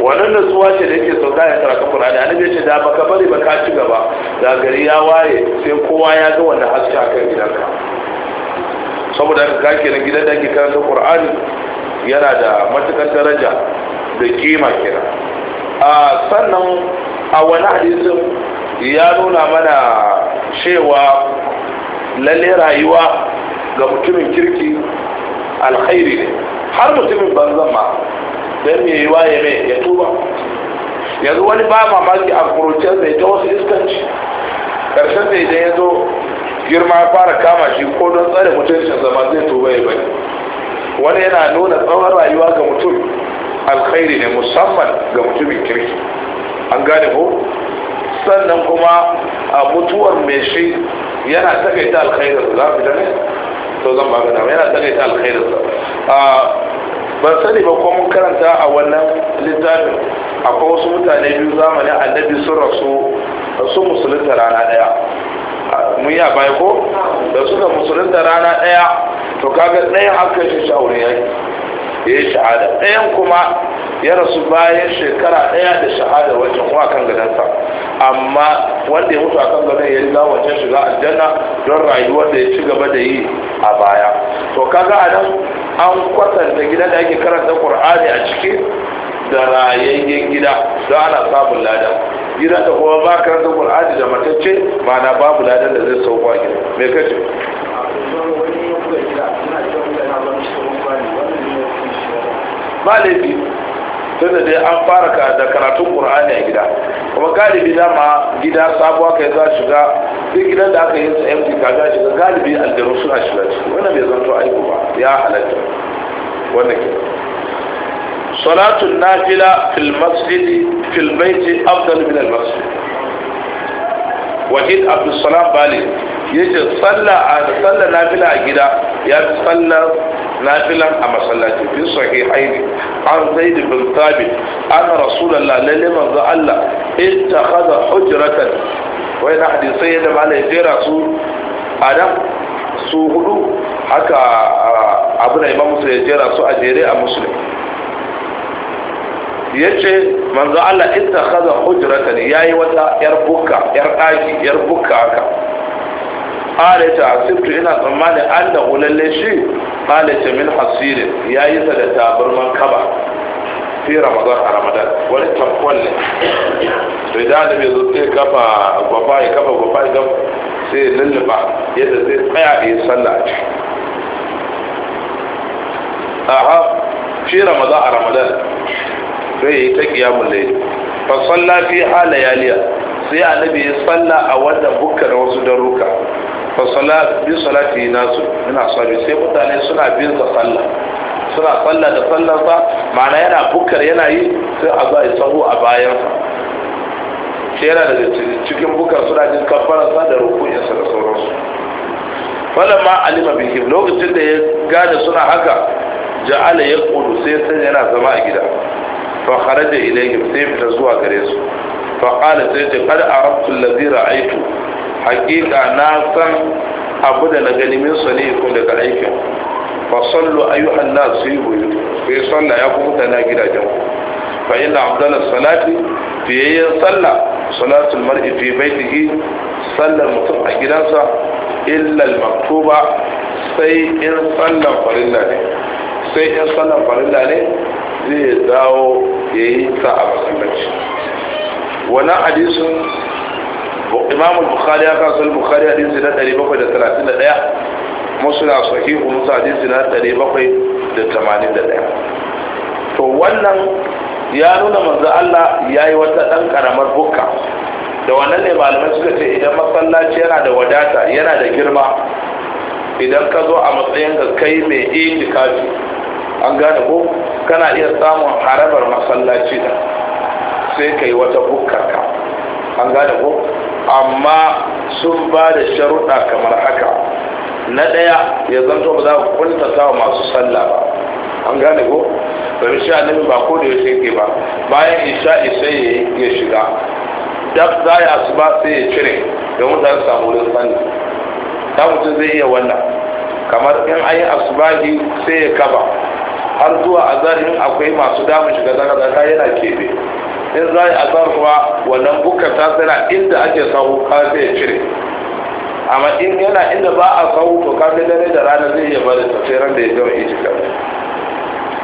wannan nutsuwa ce da yake sauka ya karatu qur'ani annabi ce da baka bari ba ka ci gaba da gari ya waye sai kowa ya ga wannan haske kan gidanka saboda ka ka na gidan da ke karanta qur'ani yana da matukar daraja da kima kenan a sannan a wani hadisin ya nuna mana cewa lalle rayuwa ga mutumin kirki alkhairi ne har mutumin banzan ma don ya yi waye mai ya tuba yanzu wani ba mamaki a kuruciyar mai ta wasu iskanci karshen da idan ya zo girma fara kama shi ko don tsare mutuncin zama zai tuba ya bai wani yana nuna tsawon rayuwa ga mutum alkhairi ne musamman ga mutumin kirki an gane ko sannan kuma a mutuwar mai shi yana takaita alkhairar za fita ne to zan ba gana yana tsare ta alkhairin ban sani ba ko mun karanta a wannan littafin akwai wasu mutane biyu zamani annabi sun rasu su musulunta rana daya mun yi a baya ko da suka musulunta rana daya to kaga ɗaya haka shi shaurin yaki ya yi shahada ɗayan kuma ya rasu bayan shekara ɗaya da shahada wajen kuma kan gadansa amma wanda ya mutu a kan gadon ya riga wancan shiga aljanna don rayuwar da ya ci gaba da yi a baya to kaga a nan an kwatanta gidan da ake karanta Kur'ani a ciki da rayayyen gida don ana samun lada gidan da kuma ba karanta qur'ani da matacce ma'ana babu ladan da zai sauka gida mai kace ba tunda dai an fara da karatun qur'ani a gida kuma galibi dama gida sabuwa kai za shiga duk gidan da aka yi sa yanzu ka ga shiga galibi aljanu suna shiga ciki wannan bai zanto aiko ba ya halatta wannan ke salatun nafila fil masjid fil baiti afdal min al masjid wahid abdulsalam bali ya ce tsalla nafila a gida ya fi tsalla nafilan a masallaci fi sahi haini an zai da bin tabi an rasulallah lalle manzo allah in ta haza hujjiratan wai na hadisai yadda ma na jera su adam su hudu haka abu na imam musulun ya jera su a jere a musulun yace manzo Allah ittakhadha hujratan yayi wata yar bukka yar ɗaki yar bukka haka qala ta asibtu ina tsammani da hulalle shi qala ta min ya yi ta da tabarman kaba fi ramadan a ramadan wani tafkon ne to idan da bai zo sai kafa gwafa ya kafa gwafa ya kafa sai lulluba yadda zai tsaya a yi sallah a aha fi ramadan a ramadan sai yi ta kiyamun laili fa salla fi yaliya sai annabi ya salla a wanda bukkar wasu daruka fa salla bi salati nasu ina sabi sai mutane suna bin sa salla suna salla da sallar sa ma'ana yana bukkar yana yi sai a zai sahu a bayan sa shi yana da cikin bukkar suna jin kafara sa da rukunin sa da sauransu Wannan ma alima bihim lokacin da ya gane suna haka ja'ala ya kudu sai san yana zama a gida fa kharaja ilayhim sai fita zuwa gare su fa qala sai ce qad arabtu alladhi ra'aytu haqiqa na san abu da na gani min ko daga aikin fa sallu ayyuha a nas fi sai salla ya kuma tana gidajen fa inna afdala salati fiyayyan salla salatul mar'i fi sallar mutum a gidansa illa al sai in sai zai dawo ya yi ta a masallaci wannan hadisin imam bukhari ya kasu bukhari hadisi na 731 musu na sahihu musu hadisi na 781 to wannan ya nuna manzo Allah ya yi wata ɗan ƙaramar bukka da wannan ne malamai suka ce idan masallaci yana da wadata yana da girma idan ka zo a matsayin ka kai mai itikafi an gane ko kana iya samun harabar masallaci da sai ka yi wata bukarka an gane ko amma sun ba da sharuɗa kamar haka na ɗaya ya zanto ba za ku kuntata wa masu sallah ba an gane ko domin shi nan ba ko da yake ke ba bayan isha'i sai ya shiga dab za ya asuba sai ya cire da mutane samu wurin sani da mutum zai iya wannan kamar in an yi asubahi sai ya kaba har zuwa azhar in akwai masu damun shiga zaka zaka yana kebe in za a azhar kuma wannan bukkar ta tsira inda ake sahu kafe ya cire amma in yana inda ba a sahu to kafe dare da rana zai iya bada ran da ya gama ijika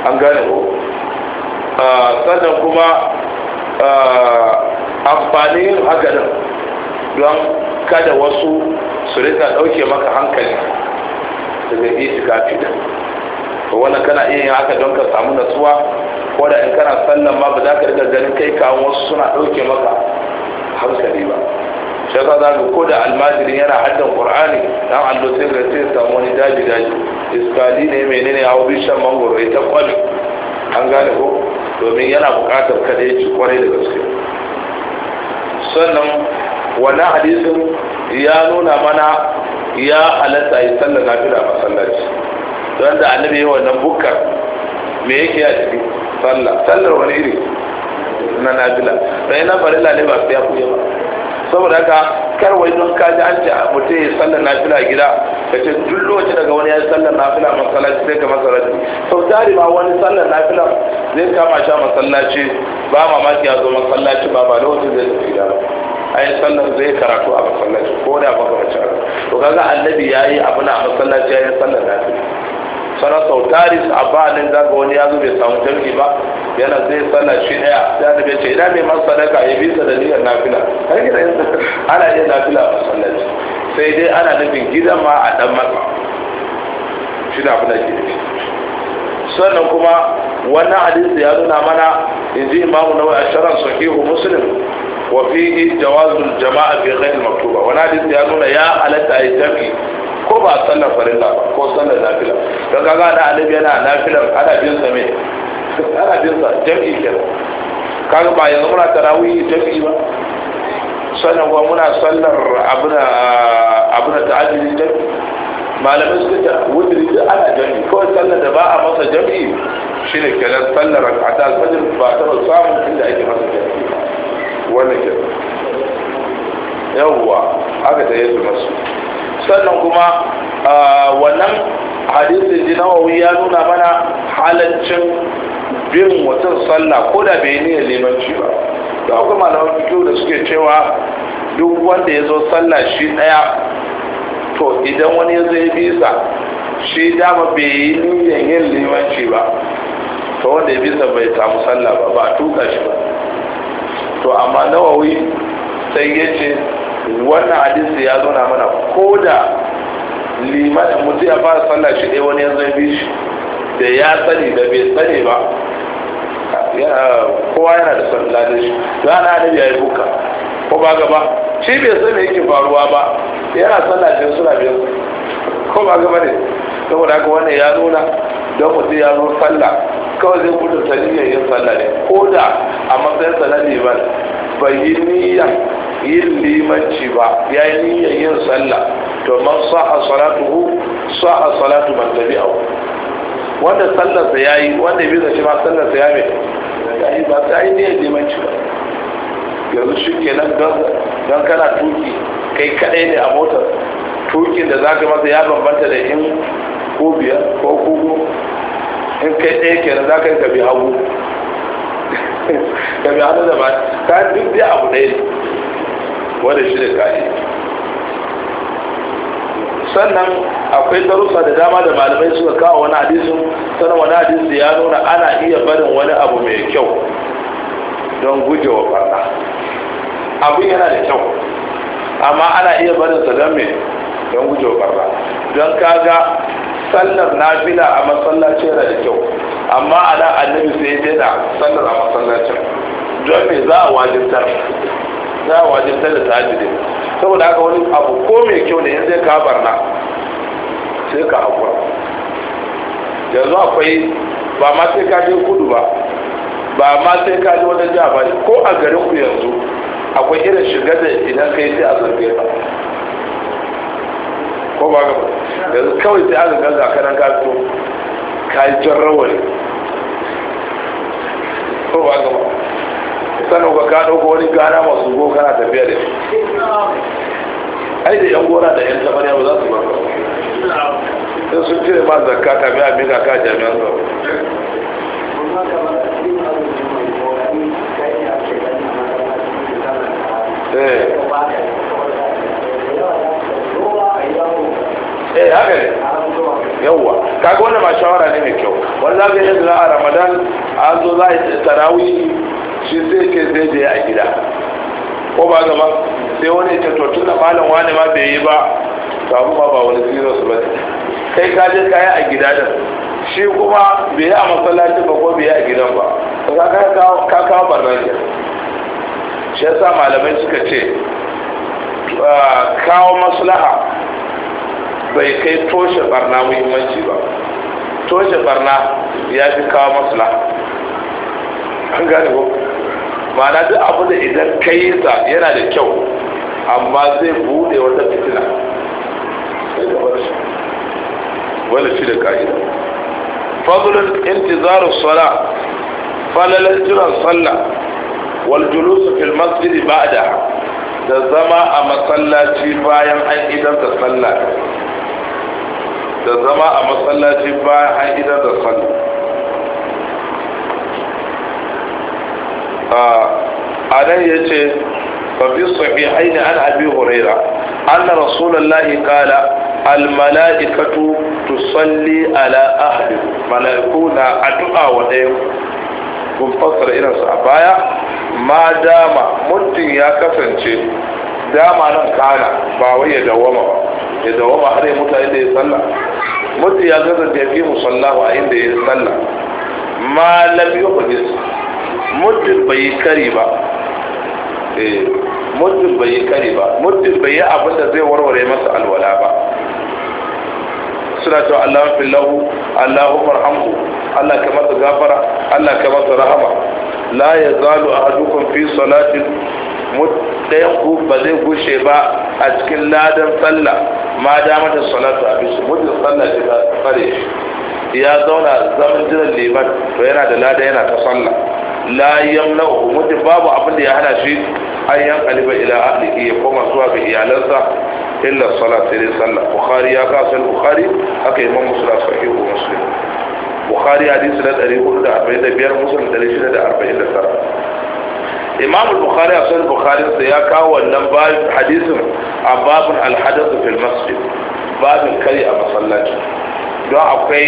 an gane ko ah, sannan kuma ah, amfanin haka don kada wasu su rika dauke maka hankali daga itikafi da to wannan kana iya yin haka don ka samu natsuwa ko da in kana sallan ma ba za ka riga ganin kai kawo wasu suna ɗauke maka hankali ba shi ka zaga ko da almajirin yana haddan qur'ani dan allo sai ga sai samu wani daji daji iskali ne menene hawo bishan mangoro ita kwami an gane ko domin yana buƙatar kada ya ci kwarai da gaske sannan wannan hadisin ya nuna mana ya halatta yi sallar fi da masallaci don da annabi yi wannan bukkar me yake a ciki sallah sallar wani iri na nabila da yana farilla ne ba su ya kuya ba saboda ka kar wai don ka ji an ce mutum ya sallar nabila a gida ka ce duk lokacin daga wani ya yi sallar nabila a masallaci sai ka masallaci sau tari ma wani sallar nabila zai kama sha masallaci ba mamaki ya zo masallaci ba ba lokacin zai tafi gida ba a yi sallar zai karatu a masallaci ko da ba to kaga annabi ya yi abu na masallaci ya yi sallar nabila sana sau tari abba nan za wani ya zo bai samu jami'i ba yana zai sallah shi daya ya da bai ce ina mai masu sadaka ya bi da niyyar nafila har gida yin ana yin nafila a sallaci sai dai ana nufin gidan ma a dan maka shi na abin ke nufi sannan kuma wannan hadisi ya nuna mana in ji imamu nawa a sharan sahihu muslim wa fi jawazul jama'a bi ghayr maktuba wannan hadisi ya nuna ya halatta yi jami'i ko ba sallar farilla ba ko sallar nafila don kaga da annabi yana nafilar ana bin sa me ana bin sa jami'i Ka kaga ba yanzu muna tarawih jami'i ba sannan kuma muna sallar abuna ah, abuna ta'ajjudi jami'i Malamin su ta wuturi da ana jami'i Ko sallar da ba a masa jami'i shine kenan sallar rak'ata al-fajr ba ta samun inda ake masa jami'i wannan kenan yawwa aka da yadda masu sannan kuma wannan hadisin da nawawi ya nuna mana halaccin bin mutum sallah ko da bai niyyar limanci ba da akwai malaman fikiyo da suke cewa duk wanda ya zo sallah shi daya to idan wani ya zai bisa shi dama bai yi niyyar yin limanci ba to wanda ya bisa bai samu sallah ba ba tuka shi ba to amma nawawi sai ya ce wannan hadisi ya zauna mana ko da liman mutu ya fara sallah shi ɗaya wani yanzu bi shi da ya tsani da bai tsani ba kowa yana da sallah da shi za a da ya yi buka ko ba gaba shi bai mai yake faruwa ba yana sallah shi suna su ko ba gaba ne saboda haka wannan ya nuna don mutum ya zo sallah kawai zai gudun ya yin sallah ne ko da a matsayin sallah ne ba bai yi niyyar yin limanci ba ya yi niyyar yin sallah to man sa'a salatuhu sa'a salatu man tabi'ahu wanda sallarsa ya yi wanda bai zace ma sallarsa ya mai ya yi ba ta yi niyyar limanci ba yanzu shi kenan don kana tuki kai kadai ne a motar tukin da za ka masa ya bambanta da in ko biyar ko kugo in kai ɗaya kenan za ka yi ka bi hagu Ka bi hannu da ba ta duk da abu ɗaya wanda shi da kayi sannan akwai darussa da dama da malamai suka kawo wani hadisin sannan wani hadisi ya nuna ana iya barin wani abu mai kyau don gujewa farna abin yana da kyau amma ana iya barin sa don me don gujewa farna don kaga sallar na fila a masallaci yana da kyau amma a nan annabi sai dai da sallar a masallacin don me za a wajibtar za a wajibtar da tahajjudi saboda haka wani abu ko mai kyau ne in zai ka barna sai ka hakura yanzu akwai ba ma sai ka je kudu ba ba ma sai ka je wajen jiha ba ko a garin ku yanzu akwai irin shiga da idan kai sai a zarge ka ko ba ga yanzu kawai sai a zarga zakaran ka fito kayan jan ko ba gaba sanin ka ko wani gana masu go kana tafiya da ai da yan gora da yan samariya ba za su ba ba sun cire ma zakka ta biya mika ka jami'an ba eh, eh yawwa kaga wannan ba shawara ne mai kyau wani za ka yi a ramadan a zo za a yi tarawi shi sai ke zai je a gida ko ba gaba sai wani ta tortun da malam wani ma bai yi ba samu ma ba wani zira su ba kai ka je yi a gida da shi kuma bai yi a masallaci ba ko bai yi a gidan ba ka kawo barnan shi yasa malamai suka ce ah, kawo maslaha bai kai toshe barna muhimmanci ba toshe barna ya fi kawo masula an gane ko ma'ana duk abu da idan ka yi sa yana da kyau amma zai bude wata fitina sai da wani shi da ka'ida fadlun intizaru sala falalar jiran sallah wal julus fil masjid ba'da da zama a masallaci bayan an idan da sallah da zama a masallaci bayan an idan da sallah a nan ya ce fafi sahihai ne an abi huraira an na rasulallahi kala almala'ikatu tusalli ala ahli mala'iku na addu'a wa ɗaya kun fassara irinsu a baya ma dama muddin ya kasance dama nan kana ba wai ya dawama ba ya dawama har ya mutu inda ya salla muddin ya kasance fi musallahu a inda ya salla ma lam yuhdis muddin bai kari ba eh muddin bai kari ba muddin bai yi abin da zai warware masa alwala ba suna cewa Allah fi lahu Allah farhamhu Allah ka masa gafara Allah ka masa rahama la ya zalu ahadukum fi salatin ɗayan ku ba zai gushe ba a cikin ladan sallah ma dama da salatu a bisu muddin sallah ce ta tsare shi ya zauna zaman jiran liman to yana da lada yana ta sallah la yamna muddin babu abin da ya hana shi an yan kaliba ila ahliki ya koma zuwa ga iyalansa illa salat sai sallah bukhari ya kasa bukhari haka imam muslim sahihu muslim bukhari hadisi na 445 muslim 647 imam bukhari a sahih bukhari sai ya kawo wannan babin hadisin a babin alhadathu fil masjid babin kari a masallaci don akwai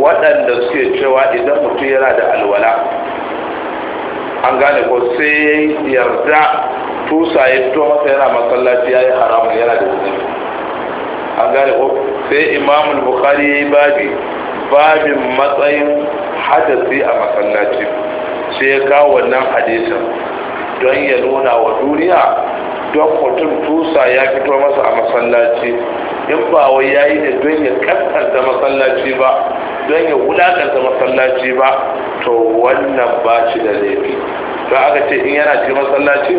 waɗanda suke cewa idan mutum yana da alwala an gane ko sai yarda tusa ya fito masa yana masallaci ya yi haramun yana da zunubi an gane ko sai imamul bukhari ya yi babi babin matsayin hadasi a masallaci sai ya kawo wannan hadisin don ya nuna wa duniya don mutum tusa ya fito masa a masallaci in ba wai ya yi da don ya kaskanta masallaci ba don ya wulakanta masallaci ba to wannan ba shi da laifi To aka ce in yana cikin masallaci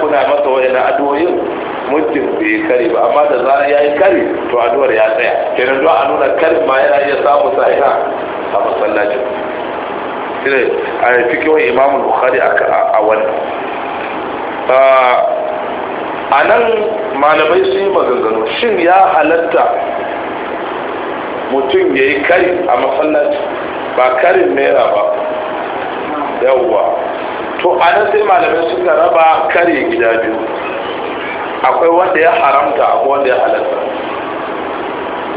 kuna masa na adoyin muddin bai kare ba amma da zarar ya yi kare to adowar ya tsaya kenan don a nuna karin ma yana iya samun sa'ina a masallaci shine a fikihun imamu bukhari a wannan a nan malamai sun yi maganganu shin ya halatta mutum ya yi kari a masallaci ba karin mera ba yawwa to a nan sai malamai suka ba kari gida biyu akwai wanda ya haramta akwai wanda ya halatta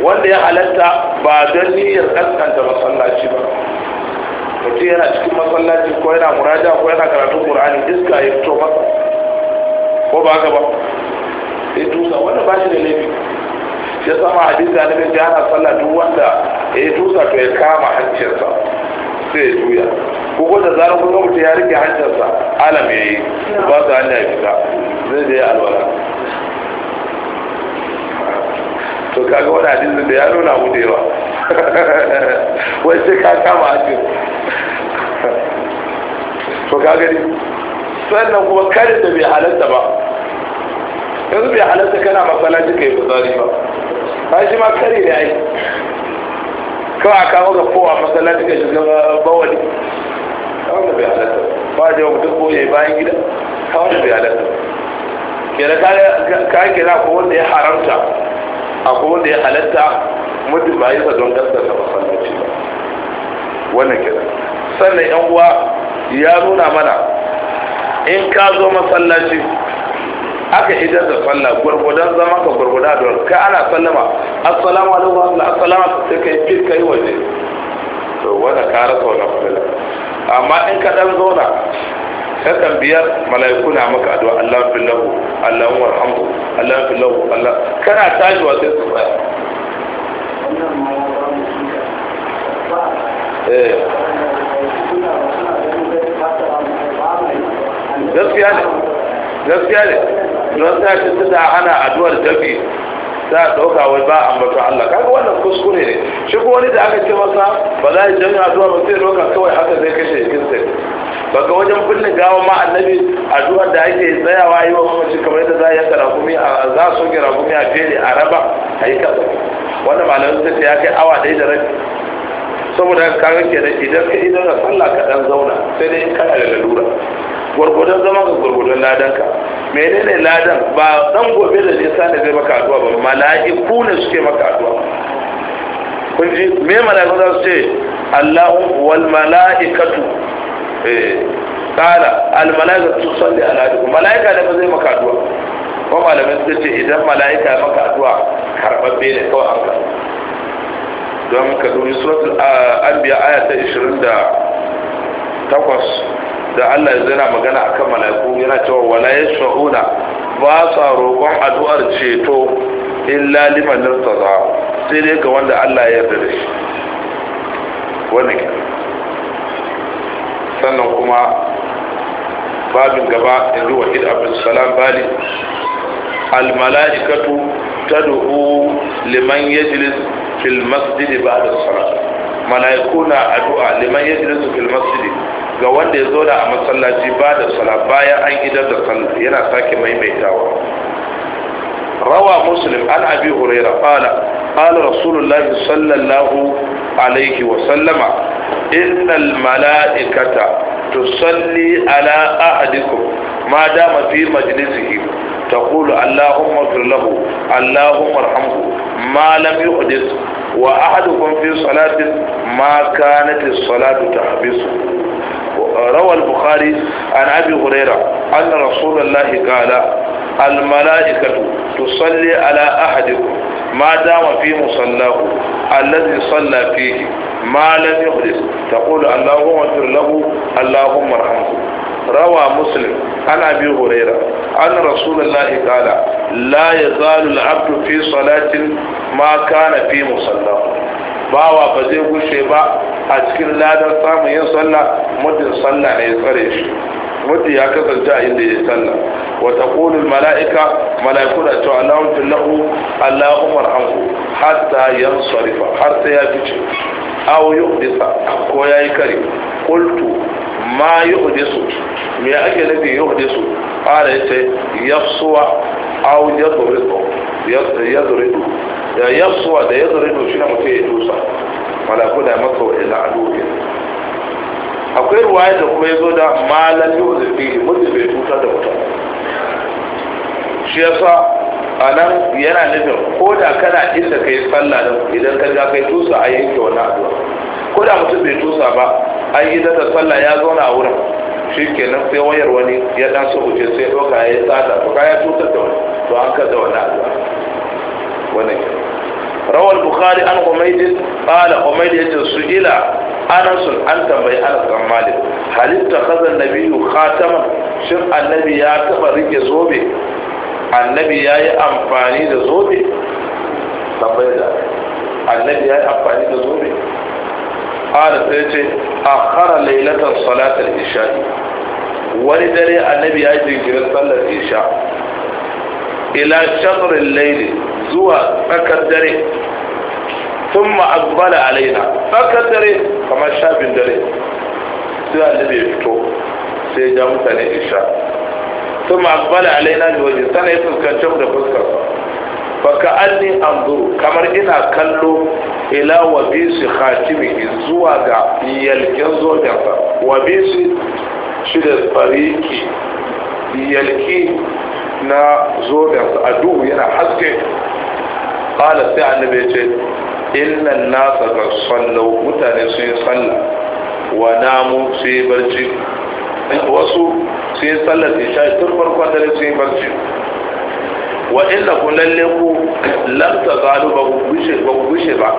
wanda ya halatta ba don niyyar kaskanta masallaci ba mutum yana cikin masallaci ko yana muraja ko yana karatun qur'ani iska ya fito masa ko ba haka ba ya tusa wanda ba shi da laifi ya sama hadisi da nufin da sallah duk wanda ya tusa to ya kama hancinsa sai ya juya ko da zarar kuma mutum ya rike hancinsa alam ya yi ba su hanya ya fita zai da ya alwala to kaga wani hadisi da ya nuna mu da yawa wai sai ka kama hancin to ka gani sannan kuma karin da bai halatta ba yanzu bai halatta kana masallaci kai fitsari ba ba shi ma kare ne ai kawai a kawo ga kowa masallaci kai shiga bawani kawai da bai halatta ba da duk boye bayan gida kawai da bai halatta kira ka kira ko wanda ya haramta ko wanda ya halatta mutum ba yi sa don gaskata masallaci ba wannan kira sannan yan uwa ya nuna mana in ka zo masallaci aka idan da sallah gurgudan zama ka gurguda don kai ana sallama assalamu alaikum assalamu alaikum sai kai fit kai waje to wanda ka rasa wannan fadila amma in ka dan zauna ka tambiyar mala'iku na maka addu'a Allah fillahu Allah warhamu Allah fillahu Allah kana tajiwa sai su tsaya eh gaskiya ne gaskiya ne don ta ce tunda ana aduwar dabi za a ɗauka wai ba ambaton Allah kaga wannan kuskure ne shi ko wani da aka ce masa ba za a yi jami'a addu'a ba sai ɗauka kawai haka zai kashe jikin sai baka wajen binne gawa ma annabi addu'ar da ake tsayawa yi wa mamaci kamar yadda za a yanka rakumi a za a soke rakumi a fere a raba a yi kasa wanda malamin sai ya kai awa ɗaya da rabi saboda kaga kenan idan ka idan ka sallah ka dan zauna sai dai in kana da lalura gurgudan zama ga gurgudan ladan ka menene ladan ba dan gobe da nisa da zai maka addu'a ba mala'iku ne suke maka addu'a kun ji me mala'iku za su ce Allahu wal mala'ikatu eh qala al mala'ikatu salli ala ahadukum mala'ika da zai maka addu'a ko malamai suka ce idan mala'ika ya maka addu'a karbabbe ne kawai an don ka dubi suratul anbiya aya ta 28 da Allah ya zana magana kan malaiku yana cewa wala shauna ba sa roƙon addu'ar ceto illa liman nirtaza sai dai ga wanda Allah ya yarda da shi wannan sannan kuma babin gaba yanzu wahid abu salam bali almala'ikatu tad'u liman yajlis fil masjid ba'da salat mala'iku na addu'a liman yajlis fil masjid ga wanda ya zauna a masallaci ba da salat bayan an idar da sallah yana sake maimaitawa rawa muslim an abi hurairah qala qala rasulullahi sallallahu alaihi wa sallama innal mala'ikata tusalli ala ahadikum ma dama fi majlisihi تقول اللهم اغفر له اللهم ارحمه ما لم يحدث وأحدكم في صلاة ما كانت الصلاة تحبسه روى البخاري عن أبي هريرة أن رسول الله قال الملائكة تصلي على أحدكم ما دام في مصلاه الذي صلى فيه ما لم يحدث تقول اللهم اغفر له اللهم ارحمه روى مسلم عن أبي هريرة أن رسول الله قال لا يزال العبد في صلاة ما كان في مصلاه bawa ba zai gushe ba a cikin ladar samun 'yan sallah muddin sallah ne ya tsare shi muddin ya kasance a inda ya sallah wa malaika malaiku da to Allahu hatta yansarifa har ta ya aw yuhdisa ko yayi kare qultu ma yuhdisu me ake nufi yuhdisu qala yace yafsuwa aw yadridu yadridu ya yafsuwa da yadridu shine mutum mutai dusa malaku da maka wa ila aduwa akwai ruwaya da kuma yazo da malan yuhdisu mutum bai tuta da mutum shi yasa a nan yana nufin ko da kana inda ka yi sallah din idan ka ga kai tusa a yanke wani addu'a ko da mutum bai tusa ba an yi daga sallah ya zauna a wurin shi kenan sai wayar wani ya dan su wuce sai ɗauka ya yi tsada to ka ya tusa da wani to an kaza wani addu'a wannan kenan روى البخاري عن حميد قال حميد سئل انس ان تنبي انس بن مالك هل اتخذ النبي خاتما شر النبي يا تبا رike zobe annabi ya yi amfani da zobe tambayar da annabi ya yi amfani da zobe ƙara sai ce a ƙara lailatar salatar isha wani dare annabi ya yi jinkirin sallar isha ila shakarin laili zuwa tsakar dare sun ma'agbala alaina tsakar dare kamar shafin dare sai annabi ya fito sai ya ja mutane isha ثم أقبل علينا بوجه سنة يسكن شمد فسكر فكأني أنظر كما إنا كلو إلى وبيس خاتمه زواجا يلكن زوجا وبيس شد فريقي yalki na zobensa a duhu yana haske ƙala sai annabi ce innan nasa ga sallau mutane sun sallah wa namu su barci sun yi sallar isha tun farkon dare sun yi barci wa inna ku lalle ku lam tazalu ba ku gushe ba ku gushe ba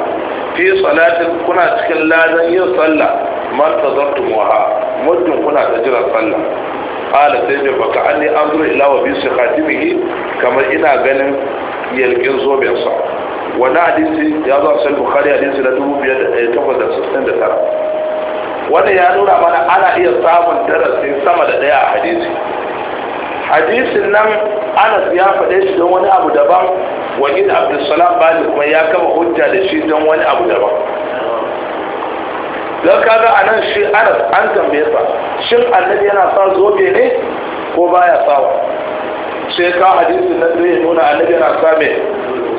fi salatin kuna cikin ladan yin sallah man tazartumuha muddin kuna ta jiran sallah qala sai ce baka an anni anzuru ila wa bi khatimihi kamar ina ganin yalkin zoben sa wani hadisi ya zo a sai bukhari hadisi na dubu biyar da tara. wannan ya nuna mana ana iya samun darasi sama da daya a hadisi hadisin nan anas ya faɗe shi don wani abu daban wajid abdulsalam bali kuma ya kama hujja da shi don wani abu daban don kaga a nan shi anas an tambaye sa shin annabi yana sa zobe ne ko baya sawa sai ka hadisi na zai nuna annabi na same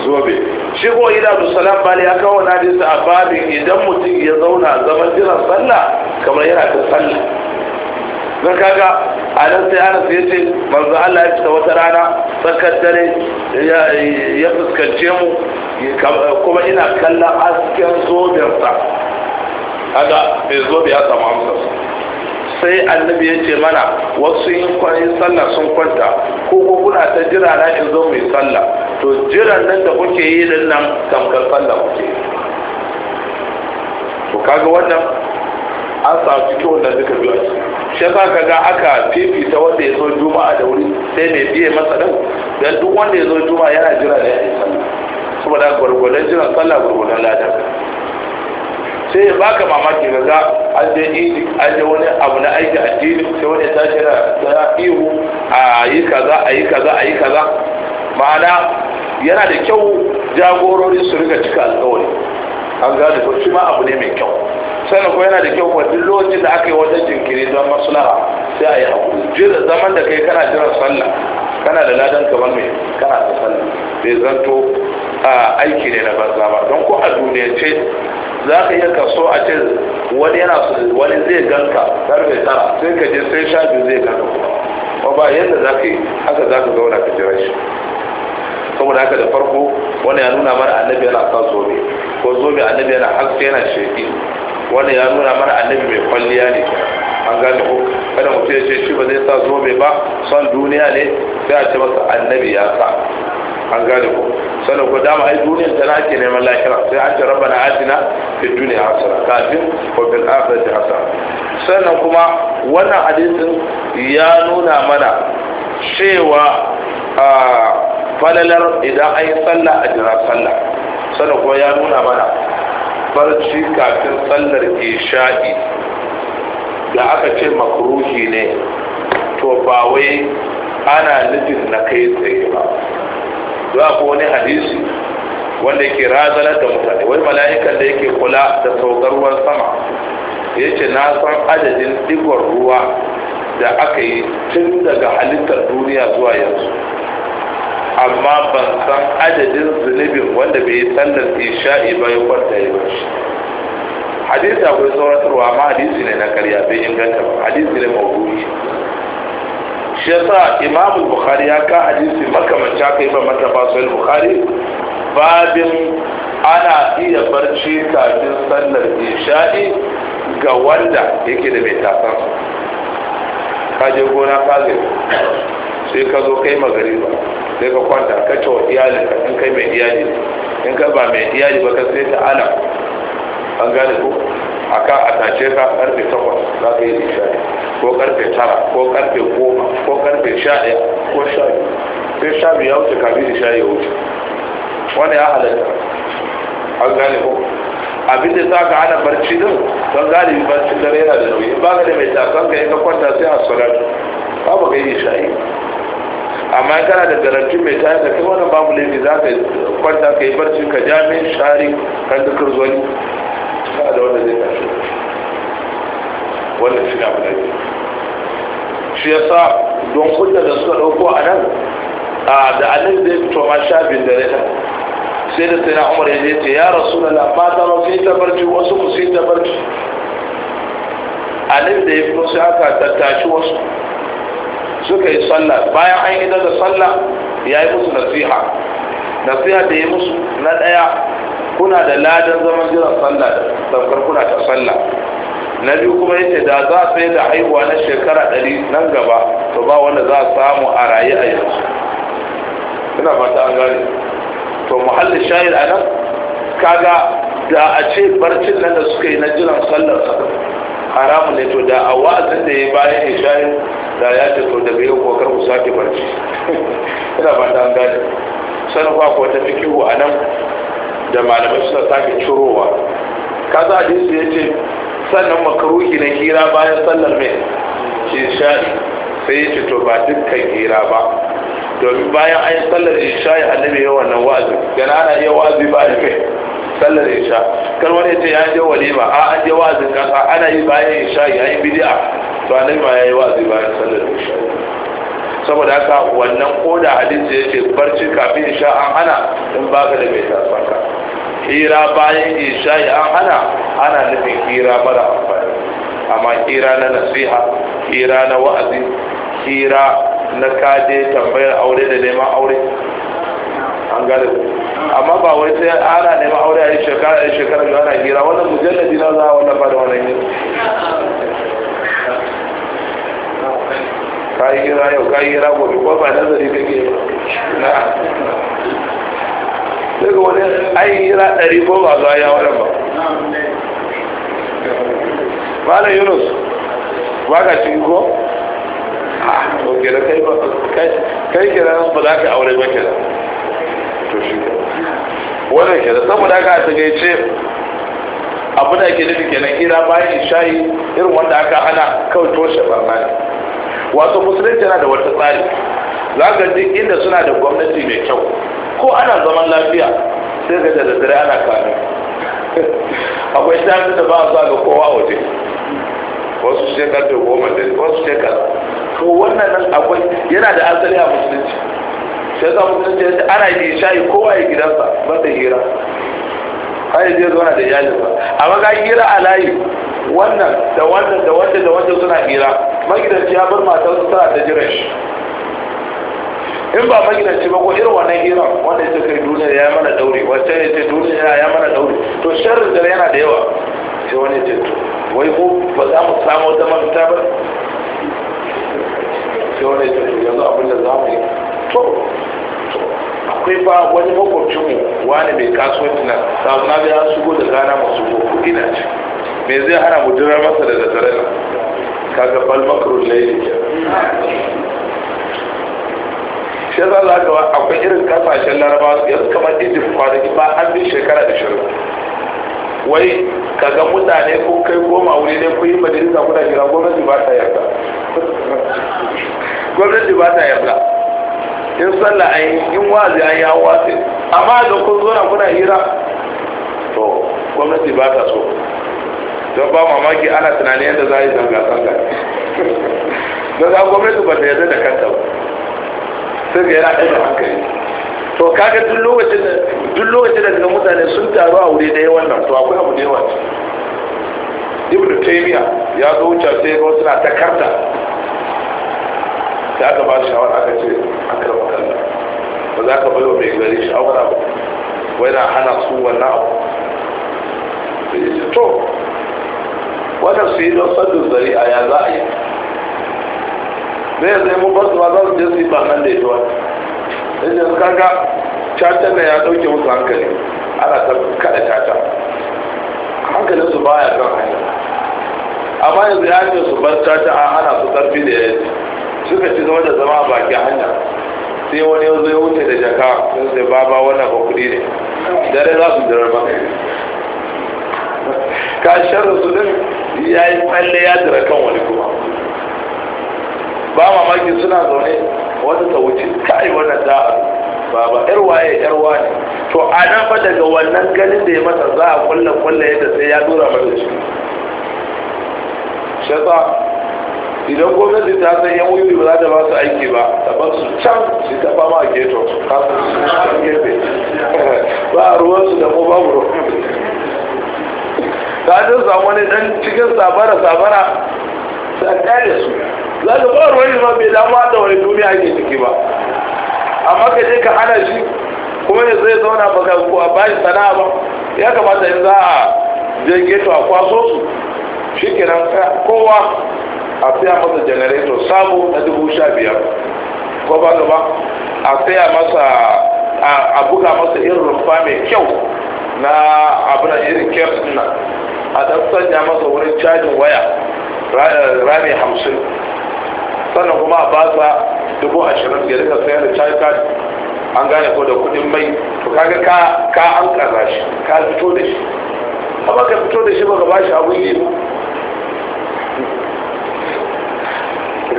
zobe shi ko ina musalam bali ya kawo na hadisi a babin idan mutum ya zauna zaman jiran sallah kamar yana ta sallah zan kaga a nan sai ana sai ce manzo Allah ya fita wata rana tsakar dare ya fuskance mu kuma ina kallon asken zobensa kaga mai eh, zobe ya samu amsarsa sai annabi ya ce mana wasu yin kwanin sallah sun kwanta ko ko kuna ta jira na in zo mai sallah to jiran nan da kuke yi din nan tamkar sallah kuke to kaga wannan an samu cikin wannan duka biyu a ciki shi kaga aka fifita wanda ya zo juma'a da wuri sai mai biye masa din dan duk wanda ya zo juma'a yana jira da ya yi sallah saboda gwargwadon jiran sallah gwargwadon ladan sai ya baka mamaki ga an wani abu na aiki addini sai wani tashi na ihu a yi kaza a yi kaza a yi kaza ma'ana yana da kyau jagorori su riga cika alkawari an gane ko shi ma abu ne mai kyau sannan ko yana da kyau ko duk lokacin da aka yi wajen jinkiri don maslaha sai a yi hakuri jira zaman da kai kana jiran sallah kana da ladan kamar mai kana da sallah bai zanto aiki ne na banza ba don ko a ce za ka iya kaso a ce wani yana su wani zai ganka karfe tara sai ka je sai sha biyu zai ganka kuma ba yadda za ka yi haka za ka zauna ka jira shi saboda haka da farko wani ya nuna mana annabi yana sa zobe ko zobe annabi yana haske yana sheki wani ya nuna mana annabi mai kwalliya ne an gane ko kada mutum ya ce shi ba zai sa zobe ba son duniya ne sai a ce masa annabi ya sa an gane ko sannan ko dama ai duniyar tana ake neman lahira sai an ce rabbana atina fi dunya hasana kafin wa bil akhirati hasana sannan kuma wannan hadisin ya nuna mana cewa ah, falalar idan ai sallah a jira sallah sannan ko ya nuna mana barci kafin sallar isha'i da aka ce makruhi ne to ba wai ana nufin na kai tsaye ba za ku wani hadisi wanda yake razanar da mutane wai mala'ikan da yake kula da saukar sama ya ce na san adadin digon ruwa da aka yi tun daga halittar duniya zuwa yanzu amma ban san adadin zunubin wanda bai yi sallar isha'i ba ya kwanta ya bashi hadisi akwai sauratarwa amma hadisi ne na karya bai inganta ba hadisi ne mawuyi shi yasa imam bukhari ya ka hadisi makamanci aka yi ba mata ba sai bukhari babin ana iya barci kafin sannan isha'i ga wanda yake da mai tasan kaje gona kaje sai ka zo kai magari ba sai ka kwanta ka ci wa iyali ka in kai mai iyali in ka ba mai iyali ba ka sai ta ala an gane ko a ka a tace ka karfe takwas za ka yi nishadi ko karfe tara ko karfe goma ko karfe sha ɗaya ko sha biyu sai sha biyu ya wuce kafin nishadi ya wuce wani ya halatta an gane ko abin da za ka hana barci din don galibi barci dare yana da nauyi ba ka da mai takan ka yi ka kwanta sai a salatu ba ka yi nishadi amma kana da garanti mai tayar da kai wannan babu laifi za ka kwanta ka yi barci ka ja min shari kan da kurzoni ba da wanda zai tashi wannan shi na abu shi ya sa don kunna da suka ɗauko a nan da anan zai fito ma sha biyu da rai sai da sai na umar ya ce ya rasu da mata ma sun yi ta barci wasu ku sun yi ta barci anan da ya fito sai aka tattashi wasu suka yi sallah bayan an idan da sallah ya yi musu nasiha nasiha da ya musu na ɗaya kuna da ladan zaman jiran sallah tamkar kuna ta sallah na biyu kuma yace da za a da haihuwa na shekara ɗari nan gaba to ba wanda za a samu a raye a yanzu ina fata an gane to muhallin shahid a nan kaga da a ce barcin nan da suka yi na jiran sallah. haramun ne to da a wa'azin da ya bayan shayi da ya ce to daga yau kokar ku sake barci ina ba ta gane sanin kwa ko ta fikihu a nan da malamai suna sake curowa ji su ya ce sannan makaruki na kira bayan sallar mai shayi sai ya ce to ba dukkan kira ba domin bayan an yi sallar isha'i annabi yawan nan wa'azi gana ana iya wa'azi ba bayan kai sallar shayi kar wani ce ya je walima a an je wazin kasa ana yi bayan isha ya yi bidi'a to annabi ma ya yi wazi bayan sallar isha saboda haka wannan koda hadisi ya barci kafin isha an hana in baka da mai tasaka hira bayan isha an hana ana nufin hira mara amfani amma hira na nasiha hira na wa'azi hira na kaje tambayar aure da neman aure an gane amma ba wai sai ana neman aure a shekara a shekara ga ana gira wannan mujalladi na za a ba da wannan yin ka yi gira yau ka yi gira gobe ko ba nazari kake na daga wani ai gira ɗari ko ba zuwa ya wannan ba malam yunus ba ka cikin ko Ah, to gira kai ba kai kira ba za ka aure ba kira. to shi wannan ke da saboda haka a tagaice abu da ke nufi kenan ira bayan shayi irin wanda aka hana kawai toshe barna ne wato musulunci yana da wata tsari za ka duk inda suna da gwamnati mai kyau ko ana zaman lafiya sai ga da dare ana kanu akwai shafi da ba a zuwa ga kowa a waje wasu shekar da goma da wasu shekar to wannan akwai yana da asali a musulunci sai za mu kasance yadda ana yi shayi kowa ya gidansa masa hira har zai zauna da iyalinsa amma ga hira a layi wannan da wannan da wannan da wannan suna hira magidanci ya bar wasu tana da jiran shi in ba magidanci ba ko irin wannan hira wanda ya kai duniya ya mana daure wacce ya ce duniya ya mana daure to sharrin da yana da yawa sai wani ce wai ko ba za mu samu wata mafita ba sai wani ya tafi yanzu abinda za mu yi to akwai ba wani makwabcinmu wani mai kasuwanci na samu na ya shigo da gana masu kuɗi na ci me zai hana mu jira masa da daddare na kaga bal makarun laili ke shi za za ga akwai irin kasashen larabawa yanzu kamar egypt kwanaki ba an bi shekara da shirin wai kaga mutane ko kai goma wuri ne ko yi majalisa kuna jira gwamnati ba ta yarda gwamnati ba ta yarda in sallah yi in wazi an ya wazi amma da kun zo na kuna hira to gwamnati ba ta so don ba mamaki ana tunani yadda za a yi zanga-zanga don za gwamnati ba ta yarda da kanta ba sai ga yana ɗaga hankali to kaga duk lokacin da duk lokacin da daga mutane sun taru a wuri ɗaya wannan to akwai abu da yawa ibn taymiya ya zo wuce sai ga wasu na ta karta sai aka ba shi shawara aka ce aka rama kalla ba za ka bayo mai gari shawara ba wai na hana su wannan abu sai ya to wannan su yi don sadin zari a ya za a yi ne zai mu ba su ba za su je su yi ba nan da ya ji wani kaga cacan da ya dauke musu hankali ana ta kada caca hankalin su baya kan hanya amma yanzu ya ce su bar caca a ana su karfi da ya suka ci zama da zama a baki hanya sai wani yanzu ya wuce da jaka sun sai ba wannan ba kuɗi ne dare za su jirar ba ka sharra su din ya yi tsalle ya jira kan wani kuma ba mamaki suna zaune wata ta wuce kai wannan da'a baba yar waye yar waye to a nan fa daga wannan ganin da ya masa za a kulla kulla yadda sai ya dora da shi shata idan gwamnati ta san yan wuyu ba za ta ba su aiki ba ta ba su can su ta ma a geto ka su can gefe ba a su da ko babu ruwan ta jin samu wani dan cikin sabara sabara ta kare su za ta ba ruwan ba bai damuwa da wani duniya ake ciki ba amma ka je ka hana shi kuma ne zai zauna ba ka a bashi sana'a ba ya kamata in za a je geto a kwaso su shi kenan kowa a siya masa janareto sabu na dubu sha biyar ko ba gaba a siya masa a buga masa irin rumfa mai kyau na na irin kyar na a dan sanya masa wurin cajin waya rami hamsin sannan kuma a sa. dubu ashirin da rika sayar da charge an gane ko da kudin mai to kaga ka ka an kaza shi ka fito da shi amma ka fito da shi ba ka ba shi abun yi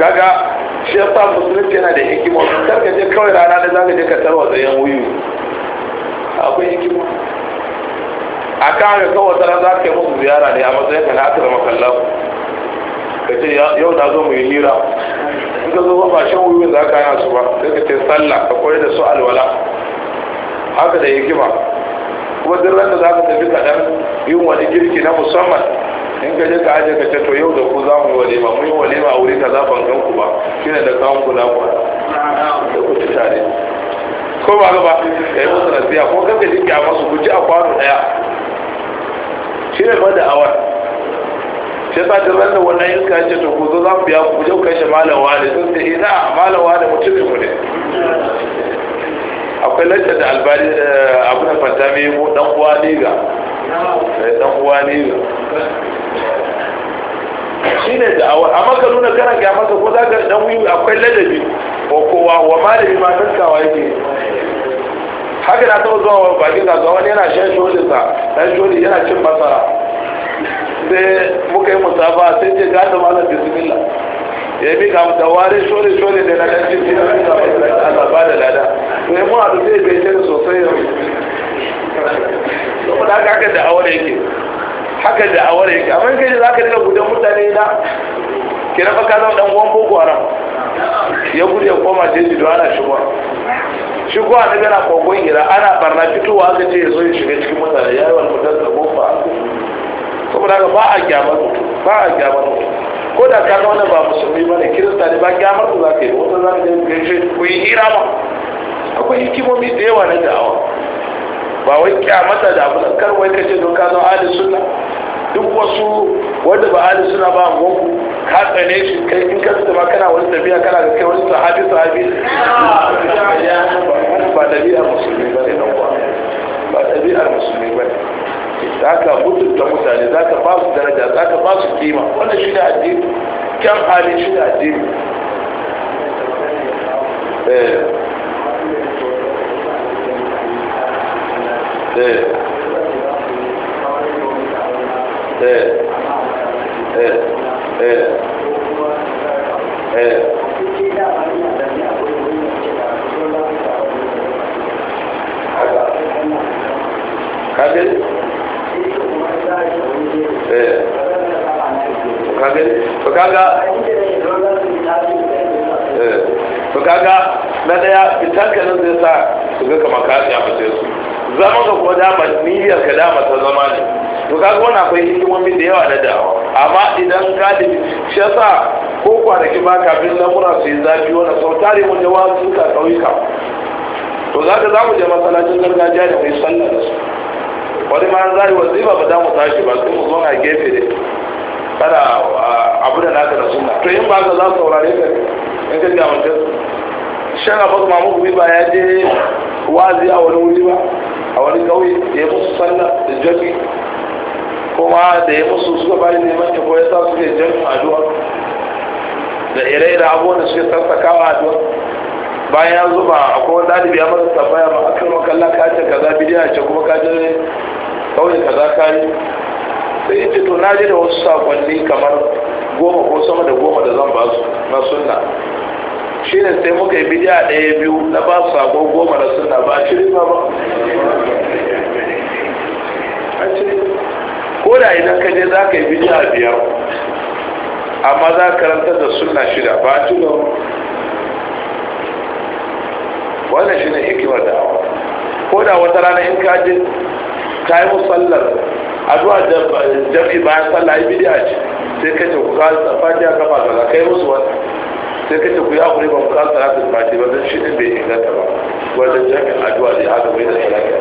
kaga shi sa musulunci yana da hikima kar ka je kawai rana da zaka je ka tarwa tsayen wuyu akwai hikima a kawai kawai tsaron za ka yi musu ziyara ne a matsayin ka na asirar makallahu ka ce yau na zo mu yi hira in ka zo ba shan wuyu za ka yi su ba sai ka ce sallah ka koyar da su alwala haka da hikima kuma duk ranta za ka tafi kaɗan yin wani girki na musamman in ka je ka aje ka ce to yau da ku za mu yi walima mu yi walima a wuri ka za ban gan ku ba shi ne da kawun ku na ku da ku ci tare ko ba ga ba ka yi musu nasiya ko kanka jiki a masu ku ci a kwano ɗaya shi ne ba da awar sai sa da ranar wannan iska ce to ku zo za ku biya ku je ku kashe malam wani sun ce ina eh, malam wani mutum mu ne akwai lantar da albari eh, abu na fantami ko dan uwa ne eh, dan uwa ne ga shi ne da awa, amma ka nuna kana ga masa ko za ka dan wuyi akwai ladabi ko kowa wa malami ma kawai ke haka na taɓa zuwa bakin kasuwa wani yana shan sa, ɗan sholi yana cin masara sai muka yi musafa sai ce ga da bisimila bismillah ya bi ga da ware shore shore da ladan jiki da ya yi a Allah da lada to yi mun da zai bai tare sosai yau saboda haka haka da awar yake haka da awar yake amma kai za ka dina gudan mutane na kira ka zama dan uwan boko haram ya gudu ya koma jeji don ana shigowa shigowa na gana kogon gira ana barna fitowa aka ce ya zo ya shiga cikin mutane ya yi wani mutum da gofa saboda haka ba a gyamar mutum ba a gyamar mutum ko da ka ga wannan ba musulmi ba ne kirista ne ba gyamar ku za ka yi wata za ka yi gaishe ku yi hira ba akwai hikimomi da yawa na da'awa ba wai kyamata da abu kar wai ka ce don ka zo ahli sunna duk wasu wanda ba ahli sunna ba mu ka tsane shi kai in ka tsama kana wani tafiya kana ga kai wani sahabi sahabi ba dabi'ar musulmi ba ne ba dabi'ar musulmi ba ne za ka mutunta mutane za ka ba su daraja za ka ba su kima wanda shi da addini kyan hali shi da addini eh. Eh. Eh. kaga Eh, to kaga na daya fitar ka nan zai sa su ga kamar ka tsaya mace su zama ka kuma dama niyyar ka dama ta zama ne to kaga wani akwai hikimomi da yawa na da'awa amma idan ka da shi yasa ko kwanaki ba kafin lamura su yi zafi wani sau tare mu da wasu ka ƙauyuka to za ka za mu je masallacin gargajiya da mai sallar da su wani ma za yi wazifa ba za mu tashi ba sai mu zo a gefe ne Kada ah, abu da naka da suna to in ba ka za su saurare ka in ka gawa ta shan abu ma muku ba ya je wazi a wani wuri ba a wani kauye da ya musu sanna da jami kuma da ya musu suka ba da neman ta koya ya sa suke jami addu'a da ire-ire abubuwan da suke sassakawa addu'a bayan ya zuba akwai wani ɗalibi ya masa tambaya ma akan makalla ka ce kaza bidiyar ce kuma ka je kauye kaza ka sai ya ce to na ji da wasu sakonni kamar goma ko sama da goma da zan ba su na sunna shi ne sai muka yi bidiya ɗaya biyu na ba su sako goma na sunna ba a cire ba ko da idan ka je za ka yi bidiya biyar amma za ka karanta da sunna shida ba a cire wannan shi ne hikimar da ko da wata rana in ka je ka yi musallar addu'a da bayan sallah ai bidiya ce sai ka ce ku ka fatiha kafa kaza kai musu wata sai ka ce ku ya hakuri ba ku ka salatul fati ba don shi ne bai inganta ba wajen jami'in addu'a da aka bai da salati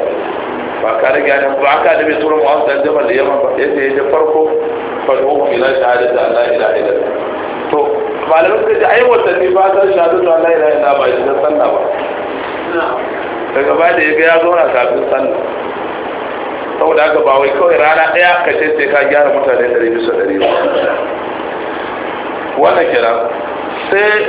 ba ka rage ne ba aka da bai tura mu'awar da jama'a da yamma ba yadda ya je farko ku ila shahada da Allah ila ila to malamin ka ji ai ne ba ta shahada da Allah ila ila ba shi da sallah ba daga baya da ya ga ya na kafin sallah saboda haka ba wai kawai rana ɗaya ka ce sai ka gyara mutane ɗari bisa ɗari ba wannan kira sai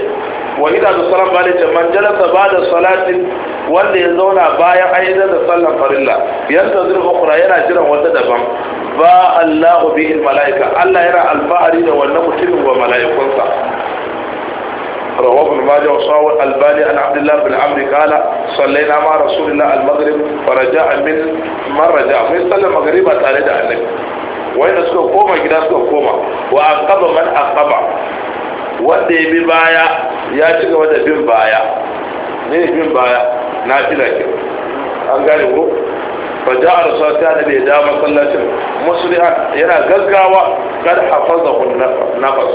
wani ina da salam ba da man jalasa ba da salatin wanda ya zauna bayan ayyadar da sallan farilla yanta zirga kura yana jiran wata daban ba allahu bihi mala'ika allah yana alfahari da wannan mutumin wa mala'ikunsa رواه ابن ماجه وصاوى الألباني عن عبد الله بن عمرو قال صلينا مع رسول الله المغرب فرجاء من من رجاء من صلى المغرب تارد النبي وين سكو كوما جدا سكو كوما وأقب من أقب wanda ya bi baya ya ci gaba da bin baya ne bin baya na fila ke an gane ko fa ja'a rasul ta da bai da masallacin muslihan yana gaggawa kar hafazahu nafas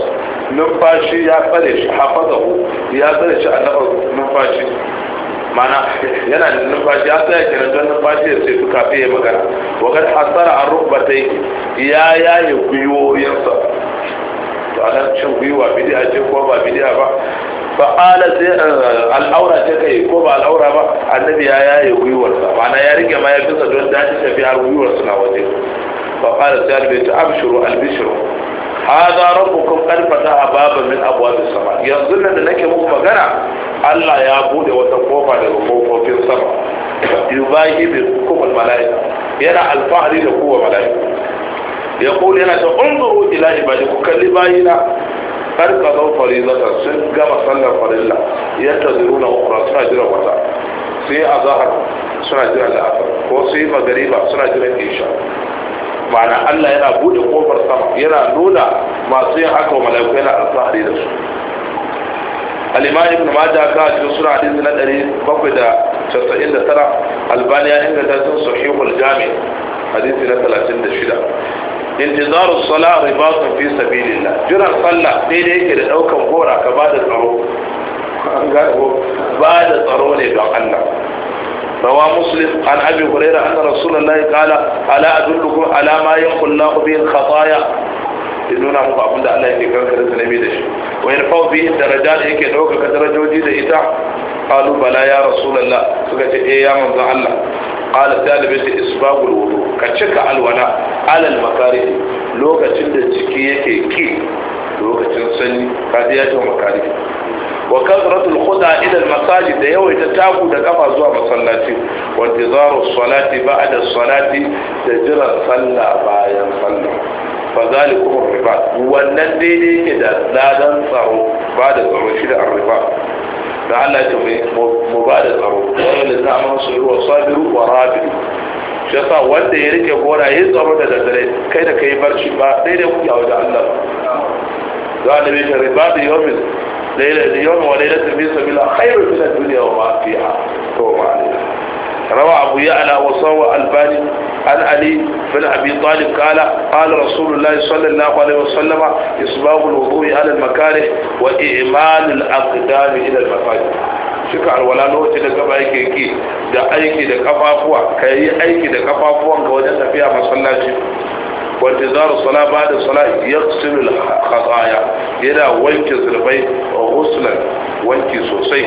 numfashi ya tsare shi hafazahu ya tsare shi a numfashi mana yana da numfashi ya tsaya kiran don numfashi ya sai kafin ya magana wakar hasara a rubbatai ya yaye gwiwoyinsa to anan cin gwiwa bid'a ce ko ba bid'a ba fa qala sai eh, al'aura ce kai ko ba al'aura ba annabi ya yaye gwiwarsa ma'ana ya rike ma ya fisa don dace tafi har gwiwarsa na waje fa qala sai albi ta abshuru albishru hada rabbukum qad fataha baban min abwab as-sama yanzu nan da nake muku magana Allah ya bude wata kofa daga kofofin sama yubahi bi kuma malaika yana alfahari da kowa malaika ya kuli yana ta unzuru ila ibadi ku kalli bayina har ka zau farizata sun gama sallar farilla ya ta zuru na ukura suna jiran wata sai a zahar suna jiran la'asar ko sai magariba suna jiran isha ma'ana allah yana bude kofar sama yana nuna masu yin wa da su ابن ماجه قال في سورة حديث ندري بقدا تسعين ترى البانيا إن جاتن صحيح الجامع حديث ندري intizaru sala ribatun fi sabilillah jiran sallah daidai yake da daukan gora ka ba da tsaro ba da tsaro ne don Allah روى مسلم عن ابي هريره ان رسول الله قال الا ادلكم على ما يمحو الله به الخطايا nuna muku abin da Allah yake kankare zunubi da shi wa yarfau bi daraja da yake ɗaukaka darajoji da ita qalu bala ya rasulullah suka ce eh Allah qala talibin da isbabul wudu ka cika alwala alal makari lokacin da ciki yake ki lokacin sanyi ka ya ce makari wa kasratul khuda ila al masajid da yawaita taku da kafa zuwa masallaci wa intizaru salati ba'da salati da jira sallah bayan sallah فذلكم الربا wannan daidai da ladan tsaro ba da tsaro da arriba da Allah ya tambaye mu ba da tsaro wani da zama su ruwa sabiru wa rabiru shi yasa wanda ya rike gora ya tsaro da daddare kai da kai barci ba dai daidai ku yawo da Allah za a nabi ta riba da yomin da yomin wa laila ta bisa bila khairun min ad-dunya wa ma fiha to ma alaikum روى أبو يعلى وصوى الباني عن علي بن أبي طالب قال قال رسول الله صلى الله عليه وسلم إصباغ الوضوء على المكاره وإعمال الأقدام إلى المفاتيح shika alwala lokacin da gaba yake da aiki da kafafuwa ka yi aiki da kafafuwan ga wajen tafiya masallaci wanda za su sala ba da sala ya tsiru yana wanke zurbai a husulan wanki sosai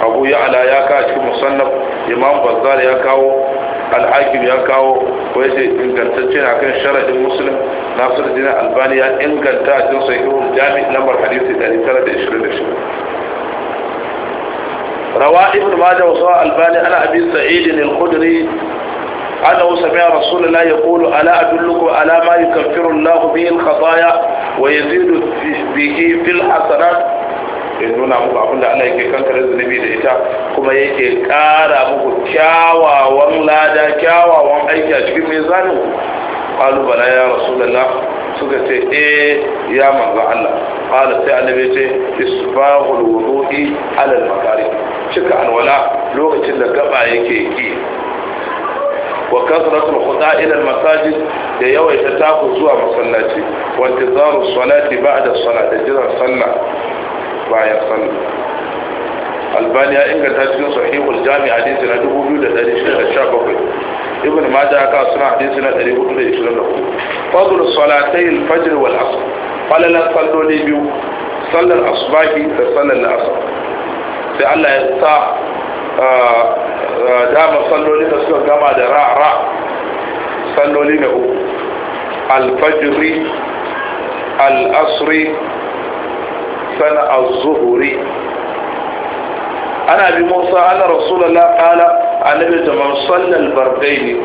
abu ala ya kai cikin musannaf imam bazzar ya kawo alhakim ya kawo ko yace ingantacce na kan sharadin muslim nasiruddin albani ya inganta a cikin sahihul jami lambar hadisi 926 rawa ibn majah wa sahih albani ana abi sa'id al سمع رسول الله يقول ألا أدلكم على ما يكفر الله به الخطايا ويزيد به في الحسنات ya nuna muku abin da Allah yake kankare zunubi da ita kuma yake ƙara muku kyawawan lada kyawawan aiki a cikin mizanin qalu bala ya rasulullah suka ce eh ya manzo Allah qala sai annabi ce isbaghul wudu'i ala makari cika alwala lokacin da gaba yake ki wa kasratul khuda ila al-masajid da yawaita taku zuwa masallaci wa intizaru salati ba'da salati jira sallah bayan sallah albani ya inganta cikin sahihul jami hadisi na 2617 ibn majah aka suna hadisi na 424 fadl salatai al-fajr wal asr falalan salloli biyu sallar asubaki da sallar asr sai Allah ya sa ah, ah, dama salloli da suka gama da ra'ra salloli na uku alfajiri fajri sana az ana bi musa ana rasulullah qala annabi ta man salla al-bardain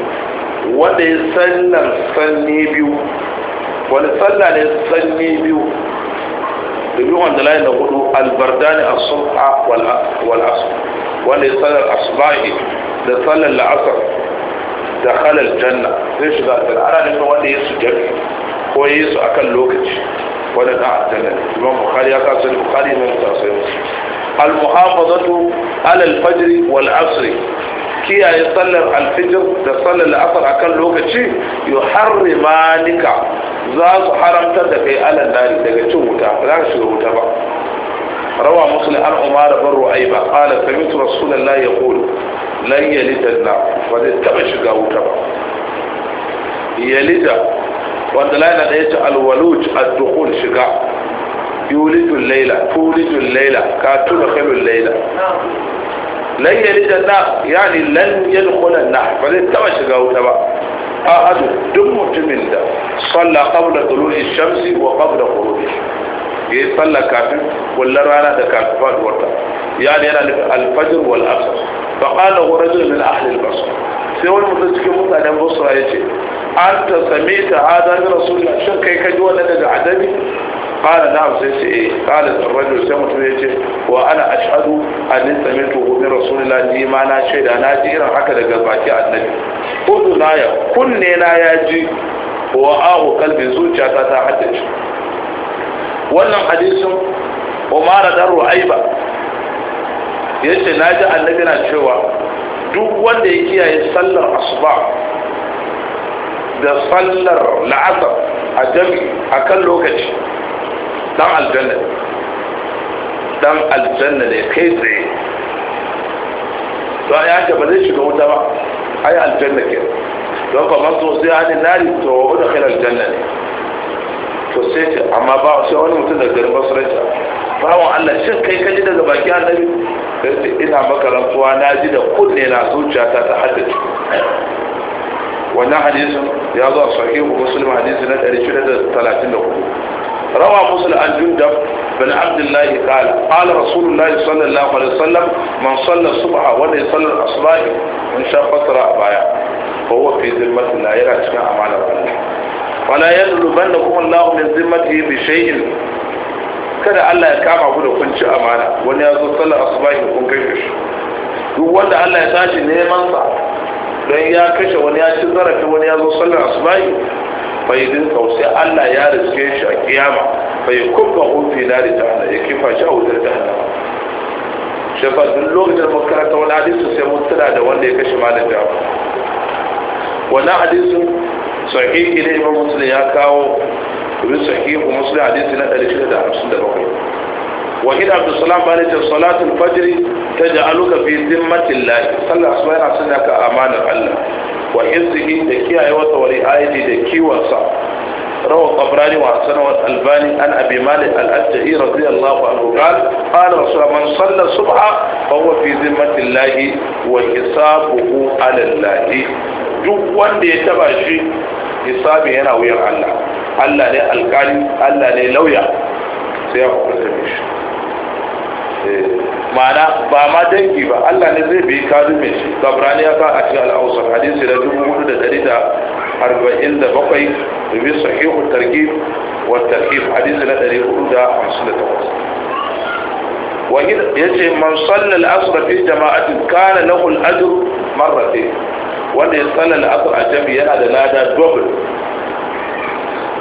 wanda ya sallar sanni biyu wani salla ne sanni biyu da biyu wanda layin da hudu albardani as-subha wal wanda ya sallar asbahi da sallar la'asar da halal janna zai shiga aljanna ana wanda ya su jami ko ya yi su akan lokaci wani da aljanna imam bukhari ya kasu da bukhari imam al-muhafazatu alal fajri wal asri kiyaye sallar alfijir da sallar la'asar akan lokaci yu harrimanika za su haramtar da kai alal nari daga cin wuta za ka shiga wuta ba روى مسلم عن عمر بن رعيبة قال سمعت رسول الله na لن يلد النار وذي تبش قاوتا يلد والدلالة ليس الولوج الدخول شقاء يولد الليلة تولد الليلة كاتل خل الليلة لن يلد النار يعني لن يدخل النار فلنتوى شقاء وتبع أهد دم تمند صلى قبل طلوع الشمس وقبل خروج الشمس ya yi sallah kafin kullar rana da kafin faduwarta ya ne yana nufin alfajir wal asr fa qala hu rajul min ahli al basra sai wani mutum cikin mutanen basra ya ce an ta sami ta hada da rasulullah shin kai ka ji wannan daga adabi na na'am sai ce eh qala rajul sai mutum ya ce wa ana ashhadu an samitu min rasulullah ni ma na shaida na ji irin haka daga baki annabi kudu na ya kunne na ya ji wa ahu kalbi zuciya ta ta haddace wannan hadisin umara dan ru'aiba yace naji annabi na cewa duk wanda ya kiyaye sallar asuba da sallar la'asar a jami a kan lokaci dan aljanna dan aljanna ne kai tsaye to ya ce ba zai shiga wuta ba ai aljanna ke don kuma so sai hannun nari to wadda kai aljanna ne to sai ce amma ba sai wani mutum da garin basra ce bawon Allah shin kai kaji daga baki annabi sai ina maka rantsuwa na ji da kunne na zuciyata ta haddace wannan hadisi ya zo a sahihu muslim hadisi na 634 Rawa مسلم an جندب بن عبد الله قال قال رسول الله صلى الله عليه وسلم من صلى الصبح ولا يصلى in sha شاء فترة بايا فهو في ذمة الله يرى كما امان wala kuma Allahu min zimmatihi bi shay'in kada Allah ya kama ku da kunci amana wani ya zo sallar asubahi kun kashe shi duk wanda Allah ya tashi neman sa don ya kashe wani ya ci zarafi wani ya zo sallar asubahi bai din sai Allah ya riske shi a kiyama bai kubba hufi na da ta'ala ya kifa shi a wutar da hana shi fa duk lokacin makaranta wani hadisi sai mun tuna da wanda ya kashe malam jawo wani hadisin sahihi ne imam muslim ya kawo domin sahihu muslim hadisi na 657 wahid abdussalam ba ne ce salatul fajr ta ja'aluka fi zimmatin lahi sallah asuba yana sanya ka amanar allah wa izzihi da kiyaye wata wari ayati da kiwonsa روى الطبراني albani الألباني عن أبي مالك الأجهي رضي الله عنه قال قال رسول الله من صلى الصبح فهو في ذمة الله وحسابه على الله duk wanda ya taba shi hisabi yana wuyan Allah Allah ne alƙali, Allah ne lauya sai ya da shi eh, ma'ana ba ma dangi ba Allah ne zai bi kazumin shi zabrani ya sa a cikin al'ausar hadisi da dubu hudu da dari da arba'in da bakwai domin sahihu targib wa targib hadisi na dari hudu da hamsin da takwas ya ce man sallal asura fi jama'ati kana lahu al-ajr marratayn wanda ya sallal asura jami yana da lada double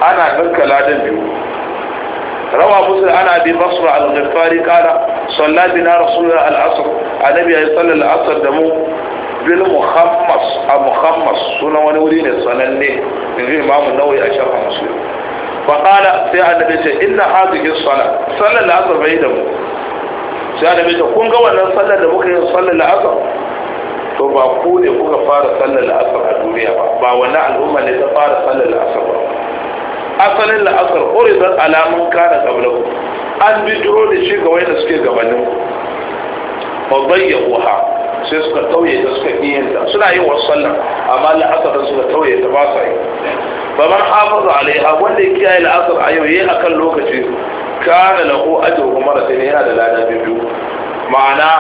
ana ganka ladan biyu rawa musul ana bi basra al-ghifari kana sallati na rasulullah al-asr annabi ya sallal asr da mu bil muhammas a muhammas sunan wani wuri ne sananne in ji imamu nawai a shafa musulmi fa kana sai annabi ce inna hadhihi as-salat sallal asr bai da mu sai annabi ta kun ga wannan sallar da muka yi sallar la'asar to ba ku ne kuka fara sallar la'asar a duniya ba ba wannan al'umma ne ta fara sallar la'asar ba asalin la'asar horizon alamun kana gablaku an bi duro da shi ga wanda suke gabanin ku ba uha sai suka tauye ta suka iyanta suna yin wasu sallar amma la'asar suka tauye ta ba sa yi ba man hafaza alaiha wanda ya kiyaye la'asar a yau yayi akan lokaci kana lahu ajruhu marratayn yana da lada biyu ma'ana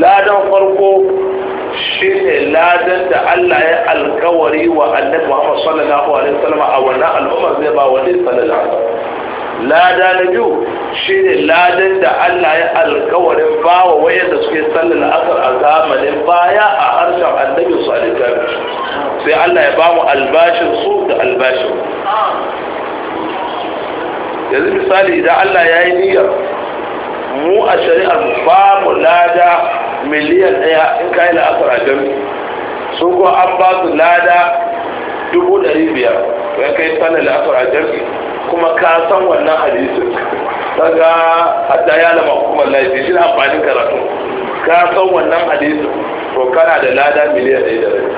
ladan farko shine ladan da Allah ya alkawari wa annabi Muhammad sallallahu alaihi wasallam a wannan al'ummar zai ba wa sallallahu lada na biyu shine ladan da Allah ya alkawari ba wa wayanda suke sallar asar a zamanin baya a harshen annabi sallallahu alaihi sai Allah ya ba mu albashin su da albashin yanzu misali idan Allah ya yi niyyar mu a shari'ar ba lada miliyan ɗaya in ka yi la'asar a jami sun ko an ba su lada dubu ɗari biyar to ya kai sanar la'asar a jami kuma ka san wannan hadisin daga hatta ya lama hukumar laifin shi amfanin karatu ka san wannan hadisin to kana da lada miliyan ɗaya da rabi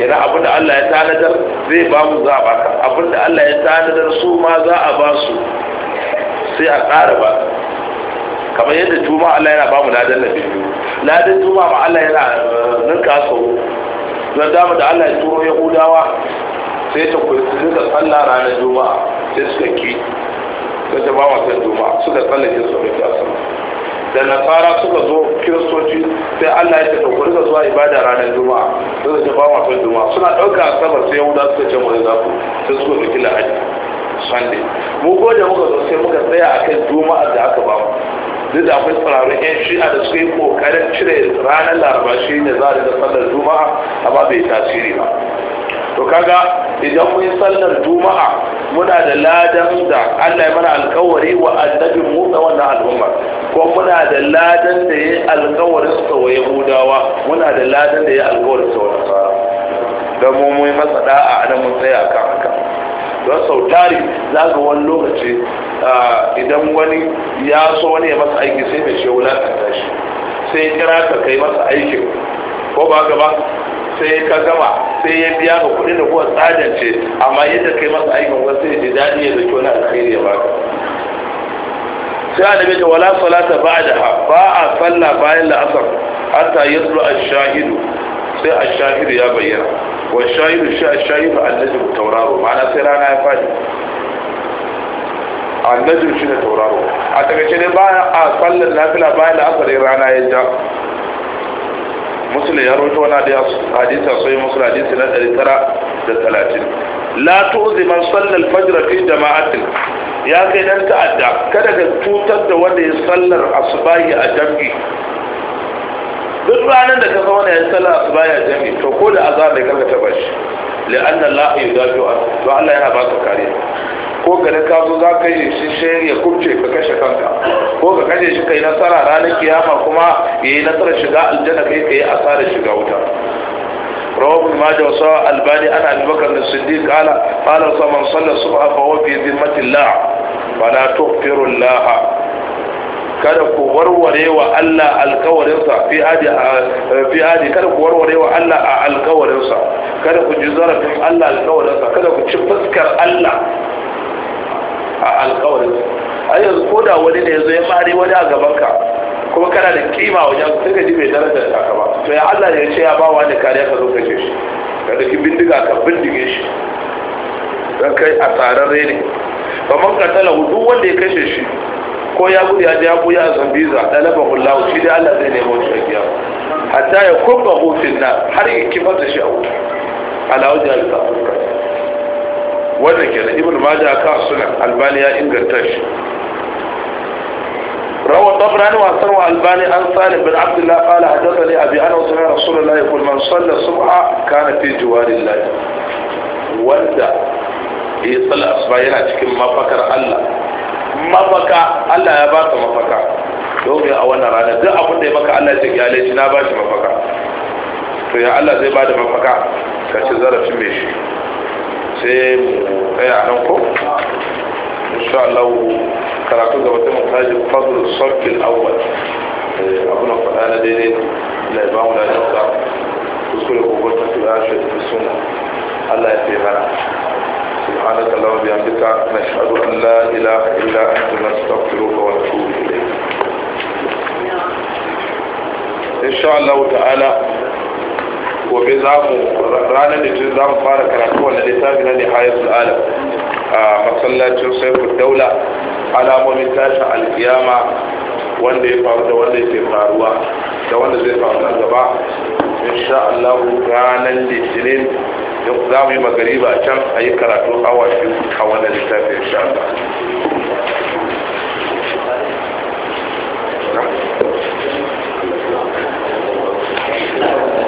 kenan abinda da Allah ya tanadar zai ba mu za a baka da Allah ya tanadar su ma za a ba su sai a ƙara ba kamar yadda tuma Allah yana ba mu ladan na biyu ladan tuma ma Allah yana eh, ninka sau don dama da Allah ya turo yahudawa sai ta kuka sallah ranar juma'a sai suka ki sai ta ba wasan juma'a suka tsallake su mai tasiri da nasara suka zo kiristoci sai allah ya ce da ku zuwa ibada ranar juma'a suka ce ba ma juma'a suna ɗauka sabar sai da suka ce mu za ku sai suka kila lahadi sunday mu gode muka zo sai muka tsaya akan juma'a da aka ba mu duk da akwai tsararrun yan shi'a da suka yi kokarin cire ranar laraba shi ne za a da sallar juma'a amma bai tasiri ba to kaga idan mun sallar juma'a muna da ladan da Allah ya mana alkawari wa annabi mu da wannan al'umma ko muna da ladan da ya alkawarin sa wa yahudawa muna da ladan da ya alkawarin sa wa nasara dan mu mun masa da'a a mun tsaya kan haka don sau tari za ga wani lokaci idan wani ya so wani ya masa aiki sai mai shi wulaƙanta shi sai kira ka kai masa aikin ko ba ga ba sai ka gama sai ya biya ka kuɗin da kuwa tsadance amma yadda kai masa aikin wasu ya ji daɗi ya zaki wani alkhairi ya baka sai a annabi ta wala salata ba'daha ba a falla bayan la'asar hatta yatlu a shahidu sai a shahidu ya bayyana wa shahidu shi a shahidu annajm tauraro ma'ana sai rana ya fadi shi shine tauraro a takaice ne ba a sallar nafila bayan la'asar rana ya ja muslim ya rawaito wani hadisi a sai muslim hadisi na 930 la tu'zi man salla al-fajr fi jama'atin ya kai dan ta'adda kada ka cutar da wanda ya sallar asubahi a jam'i duk ranar da ka zauna ya sallar asubahi a jam'i to ko da azab bai karka taba shi la'anna Allah yudafi wa Allah yana ba baka kariya ko garin ka zo za ka yi shi shi ya kubce ka kashe kanka ko ka kashe shi ka yi nasara ranar kiyama kuma ya yi nasarar shiga aljanna kai ka yi asarar shiga wuta رواه ابن albani ana الباني da ابي بكر الصديق قال Sallar su صلى الصبح فهو في ذمه الله فلا تغفر الله kada ku warware wa Allah alkawarinsa fi adi fi adi kada ku warware wa Allah a alkawarinsa kada ku ji zarafin Allah alkawarinsa kada ku ci fuskar Allah a alkawarin a yanzu ko da wani ne zai fari wani a gaban ka kuma kana da kima wajen sai ka ji mai darajar taka ba to ya Allah ya ce ya ba wani kariya ka zo ka ce shi ka daki bindiga ka bindige shi dan kai a tsarar rene ba man tala hudu wanda ya kashe shi ko ya gudu ya ya buya a zambiza ɗalaba hulawu shi dai Allah zai nemo shi a kiyama hatta ya kubba hufin na har ya kifar da shi a wuta ala wajen wannan kenan ibn majah ka sunan albani ya inganta shi روى wa Albani an عن bin بن عبد الله قال حدثني أبي أنا wasu رسول الله يقول من صلى الصبح كان في jiwarin الله wanda ya tsala asuba yana cikin mafakar Allah mafaka Allah ya ba baka mafaka domin a wannan ranar. duk abin da ya maka Allah ya ya laifi na bashi mafaka to ya Allah zai bada mafaka ka ci zarafin mai shi sai mu tsaya a nan ko insha Allah karatu gaba sai mu tashi fadlu sabbin awwal abu na faɗa na daidai da ba mu da nasa kuskure ko gwata su da shi suna Allah ya fi mana سبحانك اللهم وبحمدك نشهد ان لا اله الا انت نستغفرك ونتوب اليك ان شاء الله تعالى gobe za mu ranar litinin za mu fara karatu wannan littafi na nihayatul alam a masallacin saiful daula alamomin tashin alkiyama wanda ya faru da wanda yake faruwa da wanda zai faru nan gaba insha Allah ranar litinin za mu yi magariba a can a yi karatu a biyu a wannan littafi insha Allah Thank you.